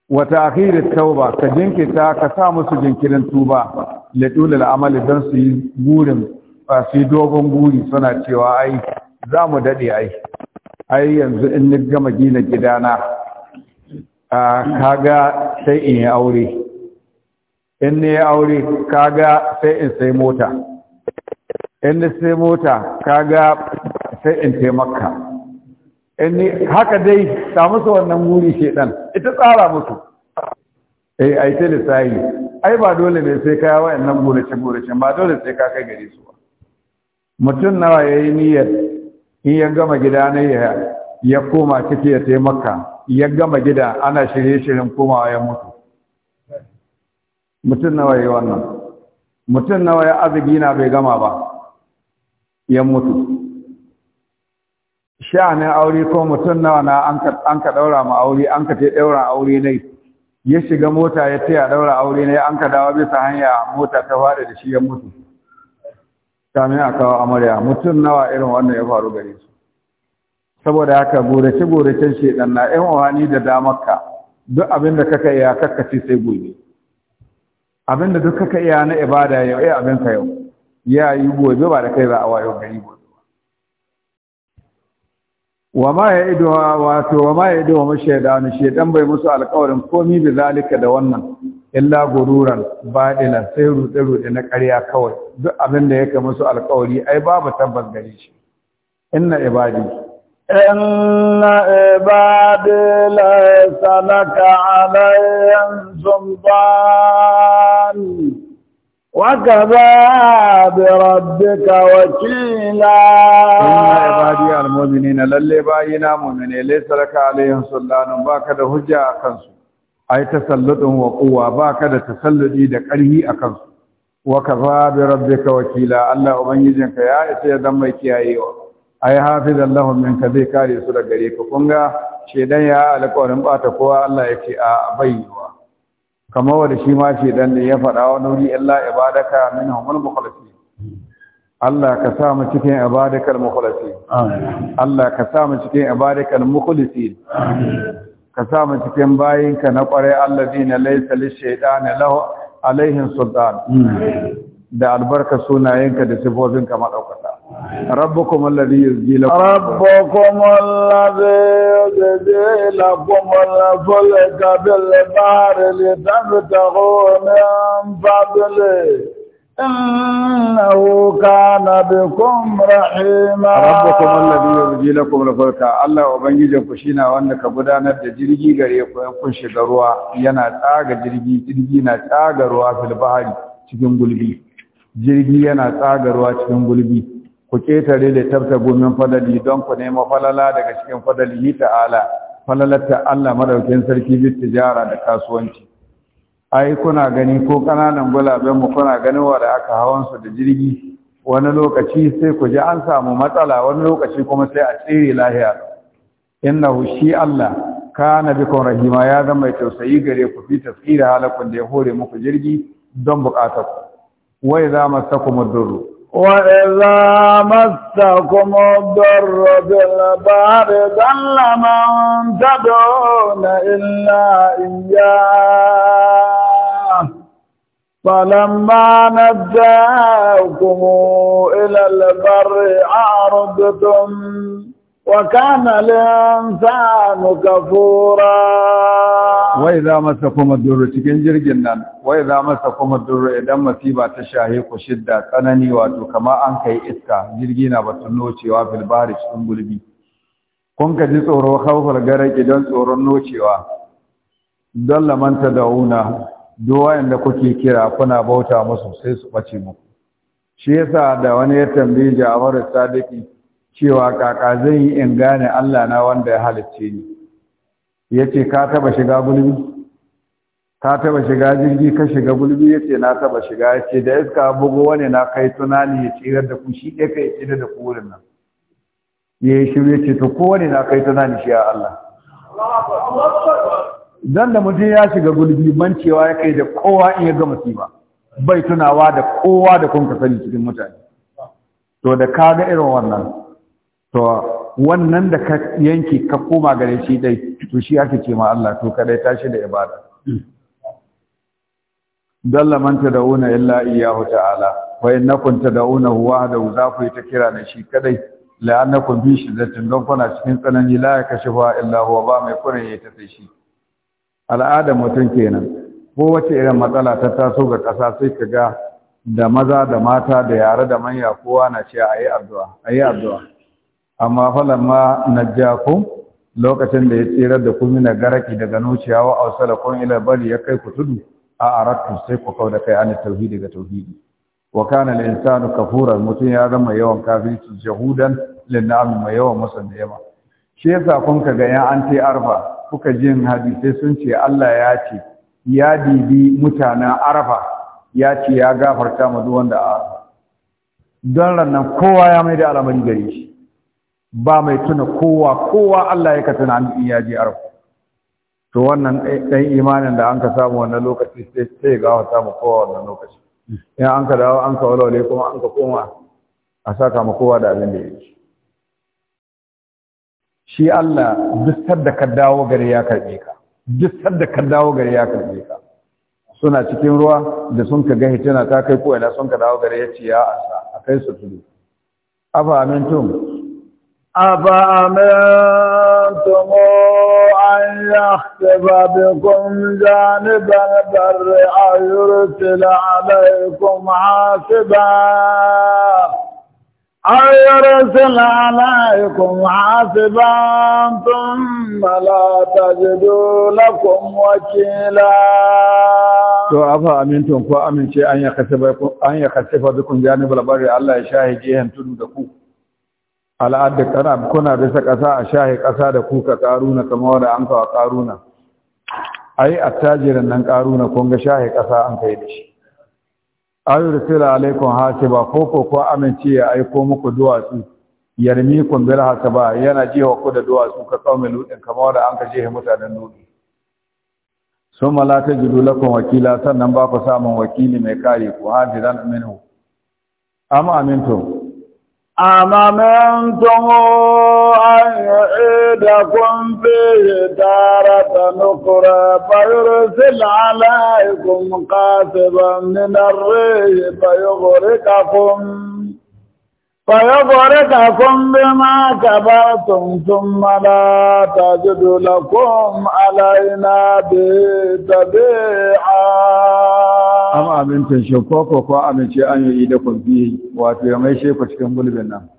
wata akhirat tauba ka jinkirta ka sa musu jinkirin tuba dole al'amali don su yi burin ba su yi dogon buri suna cewa ai za mu daɗe ai ai yanzu in ni gama gina gidana a kaga sai in yi aure in ni yi aure kaga sai in sai mota in ni sai mota kaga sai in taimaka in ni haka dai ta musu wannan wuri shedan ita tsara musu eh, ai ai sai lissayi ai ba dole ne sai kaya wa'annan gurace gurace ba dole sai ka kai gari su ba mutum nawa yayi niyyar in ya gama gida na ya koma ciki ya taimaka ya gama gida ana shirye-shiryen komawa ya mutu mutum nawa ya yi wannan mutum nawa ya arziki na bai gama ba ya mutu sha'anin aure ko mutum nawa na an ka daura ma aure an ka daura aure ne ya shiga mota ya taya daura aure ne an ka dawa bisa hanya mota ta faɗi da shi ya mutu kamin a kawo amarya mutum nawa irin wannan ya faru gare su saboda haka gorace goracen shedan na yan wani da damarka duk abin da kaka iya kakkace sai gobe abin da duk kaka iya na ibada yau ya eh, abin ka yau ya yi gobe ba da kai za a wayo gari gobe wa ma ya ido wato wa ma ya ido wa mashaidanu shedan bai musu alƙawarin komi bi zalika da wannan illa gururan badilan sai rude ruɗe na ƙarya kawai duk abin da yake musu alƙawari ai babu tabbas gare shi inna ibadi inna ibadi la salaka alayhim sultan wa kaza bi rabbika wakila inna ibadi almu'minina lalle bayina mu'mine laysa laka alayhim sultan baka da hujja kansu ay tasalludin wa quwwa baka da tasalludi da ƙarfi a kansu wa kafa bi rabbika wakila Allah ka ya isa ya zama mai kiyayewa hafi da Allah min zai kare su da gare ka kun ga shedan ya alƙawarin bata kowa Allah yake a bayyana kamar wanda shi ma shedan ne ya faɗa wa nuri illa ibadaka minhumul mukhlasin Allah ka sa mu cikin ibadakal mukhlasin Allah ka sa mu cikin ibadakal mukhlasin amin ka sa mu cikin bayinka na kware allazi na laisa li shaytani lahu alaihin sultan da albarka sunayenka da sifofin ka madaukaka rabbukum allazi yuzdi lakum rabbukum allazi yuzdi lakum al-fulka bil li tabtaghu min إنه كان بكم رحيما ربكم الذي يرجي wanda ka gudanar da jirgi وانك بدانا تجريجي غريق وينكم ruwa. ينا تاغ جريجي جريجي نا تاغ روا في البحر cikin gulbi jirgi yana tsaga ruwa cikin gulbi ku ketare da tabta gomin fadali don ku nema falala daga cikin fadali ta'ala falalar Allah madaukin sarki bi tijara da kasuwanci ai kuna gani ko ƙananan gulaben mu kuna ganin wa da aka hawan su da jirgi wani lokaci sai ku ji an samu matsala wani lokaci kuma sai a tsere lahiya Inna shi Allah kana bikon rahima ya zama mai tausayi gare ku fi tafsira halakun da ya hore muku jirgi don bukatar ku wai za mu ad mudurru وإذا مسكم الضر في البحر ضل من تدعون إلا إياه فلما نجاكم إلى البر أعرضتم وكان الإنسان كفورا وإذا مسكم الدر cikin jirgin nan وإذا مسكم الدر idan masiba ta Shaye ku shidda tsanani wato kama an kai iska jirgi na batun nocewa fil bahri cikin kun ka ji tsoro khawfal garaki don tsoron nocewa don lamanta dauna duwayen da kuke kira kuna bauta musu sai su bace muku shi yasa da wani ya tambayi Ja'far Sadiqi cewa kaka zai yi in gane Allah na wanda ya halicce ni Ya ce ka taba shiga gulbi ka taba shiga jirgi ka shiga gulbi ce na taba shiga Ya ce da iska bugu wani na kai tunani ya tsirar da ku shi ɗaya kai cirar da ku wurin nan yi shiru ce to kowane na kai tunani shi a Allah dan da mutum ya shiga gulbi cewa ya kai da kowa in ya gama musiba bai tunawa da kowa da kun ka sani cikin mutane to da kaga irin wannan to wannan da ka yanki ka koma gare shi dai to shi ake ce ma Allah to kadai tashi da ibada dalla man tad'una illa iyyahu ta'ala wa innakum tad'una wahdahu za ku ta kira da shi kadai annakum bi shiddatin don kuna cikin tsanani la yakashifa illa huwa ba mai kuren yayi ta sai shi al'ada mutum kenan ko wace irin matsala ta taso ga kasa sai ka ga da maza da mata da yare da manya kowa na ce ayi addu'a a addu'a amma falamma najjakum lokacin da ya tsira da ku mina garaki daga nuciya wa ausalakum ila bari ya kai ku tudu a aratu sai ku kauda kai an tauhidi ga tauhidi wa kana al-insanu kafura mutun ya zama yawan kafirci jahudan linna'am mai yawan musallama shi yasa kun ga ya an ce arfa kuka jin hadisi sun ce Allah ya ce ya dibi mutanen arfa ya ce ya gafarta mu duk wanda a arfa don rannan kowa ya mai da alamari gare shi ba mai tuna kowa kowa Allah ya ka tunani in ya je arfa to wannan ɗan imanin da an ka samu wannan lokaci sai ga wata mu kowa wannan lokaci ya an ka dawo an ka wale-wale, kuma an ka koma a saka mu kowa da abin da yi. shi Allah duk sadda ka dawo gari ya karbe ka duk sadda ka dawo gari ya karbe ka suna cikin ruwa da sun ka gahi tana ta kai ko ina sun ka dawo gari ya ce ya asa a kai su tudu afa amintum أفأمنتم أن يخسف بكم جانب البر أو يرسل عليكم حاسبا أو يرسل عليكم حاسبا ثم لا تجدوا لكم وكيلا to afa amintun ko amince an ya kasifa an ya kasifa bikun bari Allah ya shahi jihan tudu da ku al'adda kana kuna bisa ƙasa a shahi ƙasa da kuka ƙaruna kamar wanda an kawo ƙaruna ai attajirin nan ƙaruna kun ga shahi ƙasa an kai da shi ayu rasila alaikum hasiba ko ko ko amince ya aiko muku duwatsu yarmi kun bil hasaba yana jiwa ku da duwatsu ka kawo lutsin kamar wanda an ka mutanen lutsi sun ta jidu lakon wakila sannan ba ku samun wakili mai kare ku hafizan minhu amma amintu amamentum an yu'idakum fihi taratan ukra fayursil alaykum qasiban min ar-rih fayughriqakum فيضربكم بما كفرتم ثم لا تجد لكم علينا به تبيعا أما أمنتم شكوكو كو أمنتي أن يعيدكم به واتي mai sheku cikin gulbin nan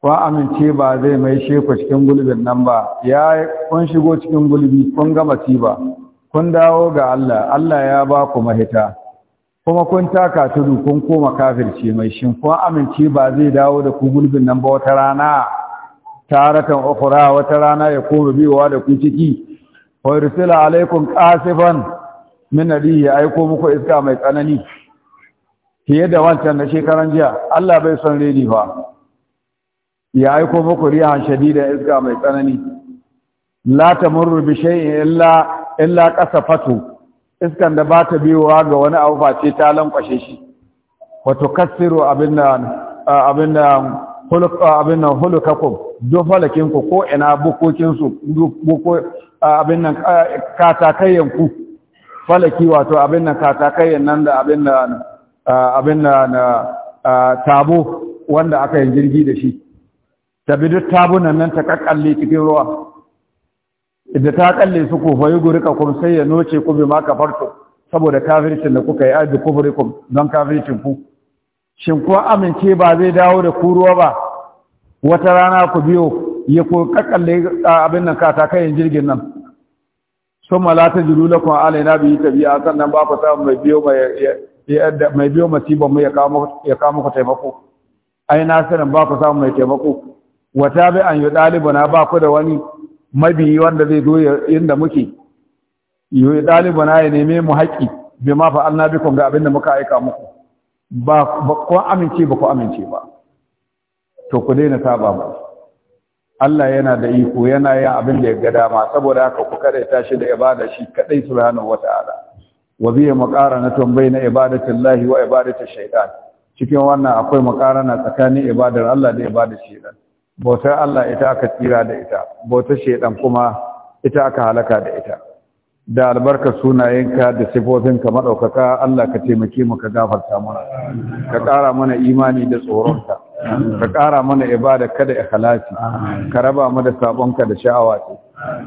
ko amince ba zai mai sheku cikin gulbin nan ba ya kun shigo cikin gulbi kun gama ci ba kun dawo ga Allah Allah ya ba ku mahita kuma kun taka tudu kun koma kafirce mai shin kun amince ba zai dawo da ku gulbin nan ba wata rana taratan ukhra wata rana ya koma biyowa da ku ciki wa yursila alaikum qasifan min nadi ya aiko muku iska mai tsanani fiye da wancan na shekaran jiya Allah bai son reni fa ya aiko muku rihan shadida iska mai tsanani la tamurru bi shay'in illa illa qasafatu iskan da ba ta biyowa ga wani abu ce ta lankwashe shi wato kassiru abin da abin da nan duk falakinku ko ina bukokinsu abin nan katakayyanku falaki wato abin nan katakayyan nan da abin nan abin nan tabo wanda aka yi jirgi da shi tabi duk tabunan nan ta ƙaƙƙalli cikin ruwa idan ta kalle su ku fayu gurika kun sai ya noce ku bi ma farko, saboda kafircin da kuka yi aji kufurikum don kafircin ku shin kuwa amince ba zai dawo da ku ruwa ba wata rana ku biyo ya ku kakkalle abin nan katakayen jirgin nan sun malata jiru lakon alaina bi tabi'a sannan ba ku samu mai biyo mai biyo masibon mu ya kama ku taimako ai nasirin ba ku samu mai taimako wata bi an yi ɗalibu na ba ku da wani mabiyi wanda zai zo inda muke yoyi na ya neme mu haƙƙi bi ma Allah bikon ga abin muka aika muku ba ko amince ba ko amince ba to ku daina saba ba. Allah yana da iko yana yin abin da ya ga dama saboda haka ku kada tashi da ibada shi kadai subhanahu wata'ala wa biya muqaranatun baina ibadati Allah wa ibadati shaytan cikin wannan akwai muqarana tsakanin ibadar Allah da ibadar shaytan bautar Allah ita aka tsira da ita bautar shaidan kuma ita aka halaka da ita da albarka sunayenka da sifofinka maɗaukaka Allah ka taimake mu ka gafarta mana ka ƙara mana imani da tsoronka ka ƙara mana ibada kada ikhlasi ka raba mu da sabonka da sha'awa ce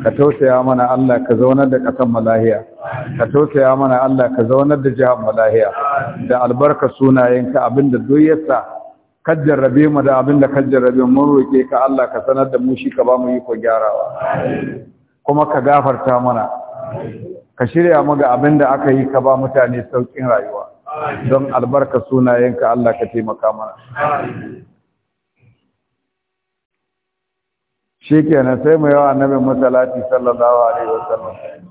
ka tausaya mana Allah ka zaunar da ƙasar malahiya ka tausaya mana Allah ka zaunar da jihar malahiya da albarka sunayenka abinda duk yasa ka jarrabe mu da abin da ka jarrabe mun roke ka Allah ka sanar da mu shi ka ba mu yi ko gyarawa kuma ka gafarta mana ka shirya mu ga abin da aka yi ka ba mutane saukin rayuwa don albarka sunayenka Allah ka taimaka mana shi kenan sai mu yawa annabi masalati sallallahu alaihi wasallam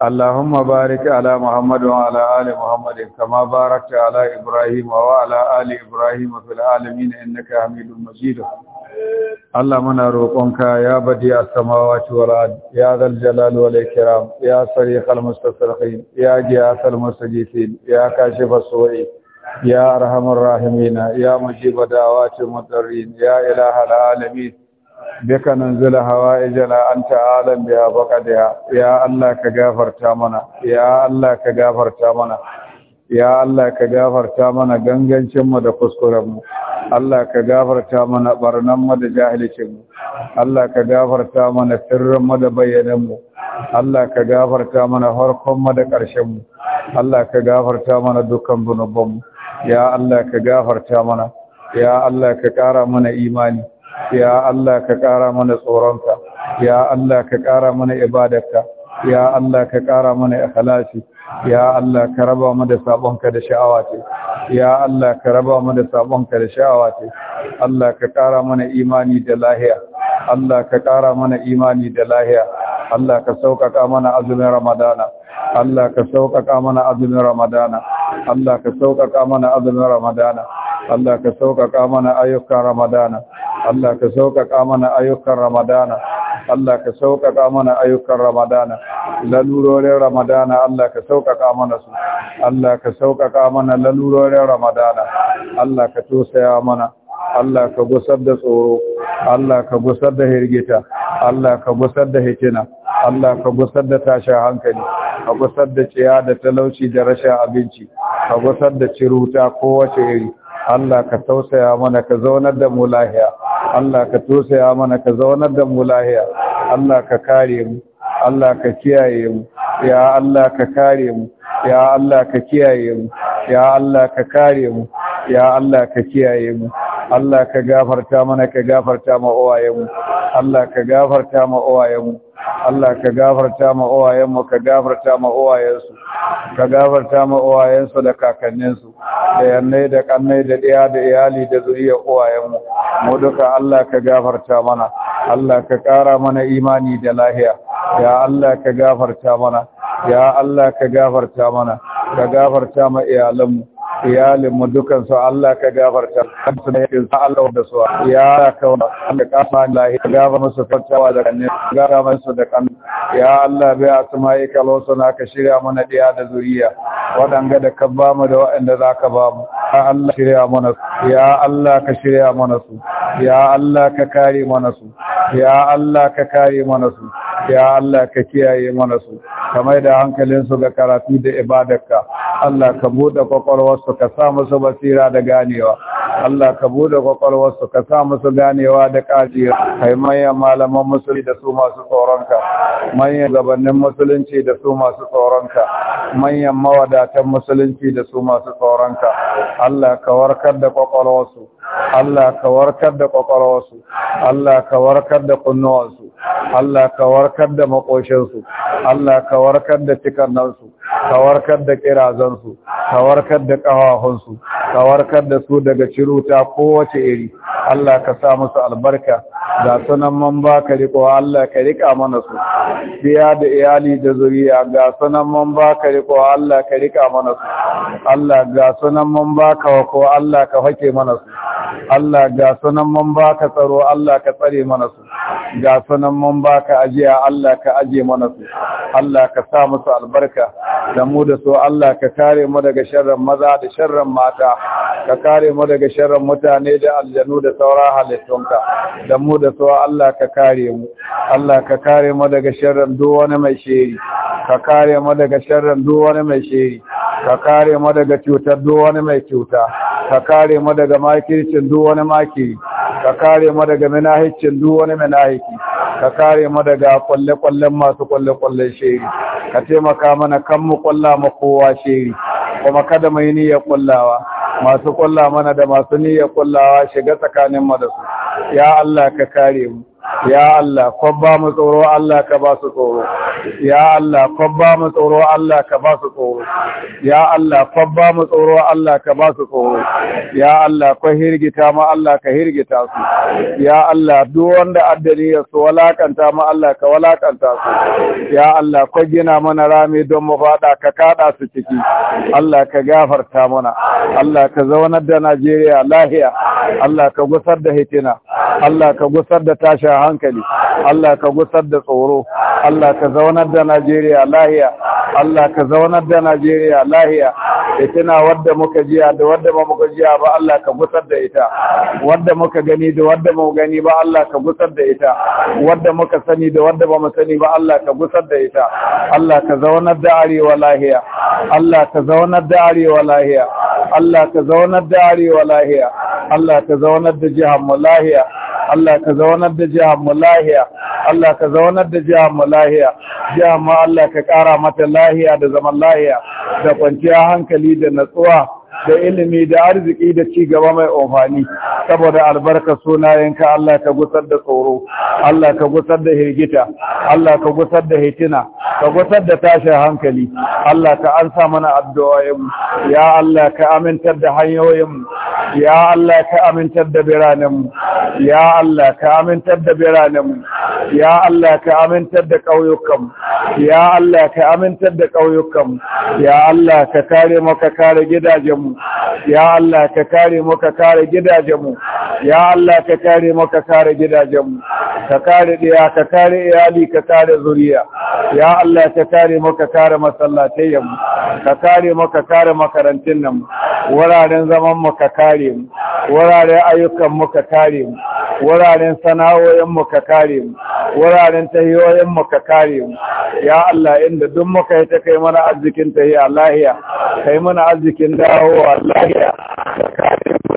اللهم بارك على محمد وعلى آل محمد كما باركت على إبراهيم وعلى آل إبراهيم في العالمين إنك حميد مجيد اللهم نروقك يا بديع السماوات والأرض يا ذا الجلال والإكرام يا صريخ المستصرخين يا جياث المستجيثين يا كاشف السوء يا أرحم الراحمين يا مجيب دعوات المضطرين يا إله العالمين بك ننزل هوائجنا أنت عالم بها بقدها biya baka daya ya Allah ka gafarta mana ya Allah ka gafarta mana gangancinmu da kuskurenmu Allah ka gafarta mana ɓarnanmu da jahilcinmu Allah ka gafarta mana sirrinmu da bayyananmu Allah ka gafarta mana harkonmu da ƙarshenmu Allah ka gafarta mana dukkan zunubanmu ya Allah ka gafarta mana ya Allah ka ƙara mana imani ya Allah ka ƙara mana tsoronka ya Allah ka ƙara mana ibadarka ya Allah ka ƙara mana ikhlasi ya Allah ka raba mu da sabonka da sha'awa ce ya Allah ka raba mu da sabonka da sha'awa ce Allah ka ƙara mana imani da lahiya Allah ka ƙara mana imani da lahiya Allah ka sauƙaƙa mana azumin Ramadana Allah ka sauƙaƙa mana azumin Ramadana Allah ka sauƙaƙa mana azumin Ramadana Allah ka sauƙaƙa mana ayyukan Ramadana Allah ka sauƙaƙa mana ayyukan Ramadana Allah ka sauƙaƙa mana ayyukan Ramadana lalurorin Ramadana Allah ka sauƙaƙa mana su Allah ka sauƙaƙa mana lalurorin Ramadana Allah ka tosaya mana Allah ka gusar da tsoro Allah ka gusar da hirgita Allah ka gusar da hikina Allah ka gusar da tashin hankali ka gusar da ciya da talauci da rashin abinci ka gusar da ciruta kowace iri Allah ka tausaya mana ka zaunar da mu lahiya Allah ka tausaya mana ka zaunar da mu lahiya Allah ka kare mu Allah ka kiyaye mu ya Allah ka kare mu ya Allah ka kiyaye mu ya Allah ka kare mu ya Allah ka kiyaye mu Allah ka gafarta mana ka gafarta ma uwayenmu Allah ka gafarta ma uwayenmu Allah ka gafarta ma uwayenmu ka gafarta ma uwayensu ka gafarta ma uwayensu da kakanninsu da yannai da kannai da ɗaya da iyali da zuriyar uwayenmu mu duka Allah ka gafarta mana Allah ka kara mana imani da lahiya ya Allah ka gafarta mana ya Allah ka gafarta mana ka gafarta ma iyalanmu iyalinmu su Allah ka gafarta kansu ne yin sa Allah da su ya ka wanda Allah ka fa lahi gaba musu fatawa da kanin gaba musu da kan ya Allah bai asma'i kalo suna ka shirya mana diya da zuriya wadanga da ka ba mu da waɗanda za ka ba mu ya Allah shirya mana su ya Allah ka shirya mana su ya Allah ka kare mana su ya Allah ka kare mana su ya Allah ka kiyaye mana su kamar da hankalinsu ga karatu da ibadarka Allah ka bude kwakwalwa kwakwalwarsu ka sa musu basira da ganewa Allah ka bude kwakwalwarsu ka sa musu ganewa da kajiya kai manyan malaman musulmi da su masu tsoronka manyan gabanin musulunci da su masu tsoronka manyan mawadatan musulunci da su masu tsoronka Allah ka warkar da kwakwalwarsu Allah ka warkar da ƙwaƙwarwarsu, Allah ka warkar da kunnuwansu, Allah ka warkar da makoshinsu, Allah ka warkar da cikannansu, ka warkar da ƙirazansu, ka warkar da ƙawahunsu, ka warkar da su daga ciruta kowace iri, Allah ka sa musu albarka, da sunan man ba ka riƙo, Allah ka riƙa mana su, biya da iyali da zuriya ga sunan man ba ka riƙo, Allah ka riƙa mana su, Allah ga sunan man ba ka wako Allah ka hake mana su. Allah ga sunan mun baka tsaro Allah ka tsare mana su ga sunan mun ka ajiya Allah ka aje mana su Allah ka sa musu albarka da mu da su Allah ka kare mu daga sharrin maza da sharrin mata ka kare mu daga sharrin mutane da aljanu da sauran halittunka da mu da su Allah ka kare mu Allah ka kare mu daga sharrin duk wani mai shiri ka kare mu daga sharrin duk wani mai shiri ka kare mu daga cutar duk wani mai cuta ka kare mu daga makircin duk wani makiri ka kare mu daga minahicin duk wani aiki ka kare mu daga kwalle-kwallen masu kwalle-kwallen shiri ka taimaka mana kan mu kwalla ma kowa shiri kuma kada mai niyyar kwallawa masu kwalla mana da masu niyyar kwallawa shiga tsakanin mu da su ya Allah ka kare mu ya Allah kwabba mu tsoro Allah ka ba su tsoro ya Allah kwabba mu tsoro Allah ka ba su tsoro ya Allah kwabba mu tsoro Allah ka ba su tsoro ya Allah ko hirgita mu! Allah ka hirgita su ya Allah duk wanda addani ya so walakanta mu! Allah ka walakanta su ya Allah ko gina mana rami don mu fada ka kada su ciki Allah ka gafarta mana Allah ka zaunar da Najeriya lahiya Allah ka gusar da hitina Allah ka gusar da tashin hankali Allah ka gusar da tsoro Allah ka zaunar da Najeriya lahiya Allah ka zaunar da Najeriya lahiya tana wadda muka jiya da wadda ba muka jiya ba Allah ka gusar da ita wadda muka gani da wadda ba gani ba Allah ka gusar da ita wadda muka sani da wadda ba mu sani ba Allah ka gusar da ita Allah ka zaunar da arewa lahiya Allah ka zaunar da arewa lahiya Allah ka zaunar da arewa lahiya Allah ka zaunar da jihar mu lahiya Allah ka zaunar da jihar mu lahiya Allah ka zaunar da jihar mu lahiya jihar mu Allah ka ƙara mata lahiya da zaman lahiya da kwanciya hankali da natsuwa da ilimi da arziki da ci gaba mai amfani saboda albarka sunayenka Allah ka gusar da tsoro Allah ka gusar da hirgita Allah ka gusar da hitina ka gusar da tashin hankali Allah ka ansa mana addu'o'in ya Allah ka amintar da hanyoyinmu. ya Allah ka amintar da biranenmu. ya Allah ka amintar da biranenmu. ya Allah ka amintar da ƙauyukanmu. ya Allah ka amintar da ƙauyukanmu. ya Allah ka kare mu ka kare gidajenmu ya Allah ka kare mu ka kare gidajenmu ya Allah ka kare mu ka kare gidajenmu ka kare diya ka kare iyali ka kare zuriya ya Allah Allah ka kare mu kare masallatayen ka kare maka kare makarantun nan wuraren zaman mu ka kare mu wuraren ayyukan mu ka kare mu wuraren sana'o'in mu ka kare mu wuraren tahiyoyin mu ka kare mu ya Allah inda duk muka yi ta kai mana arzikin tahiya lahiya kai mana arzikin dawowa lahiya ka kare mu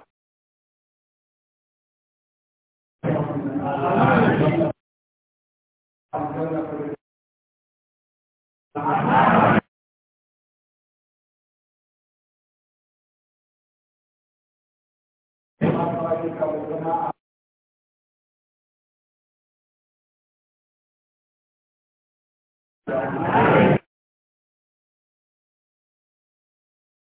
Thank you.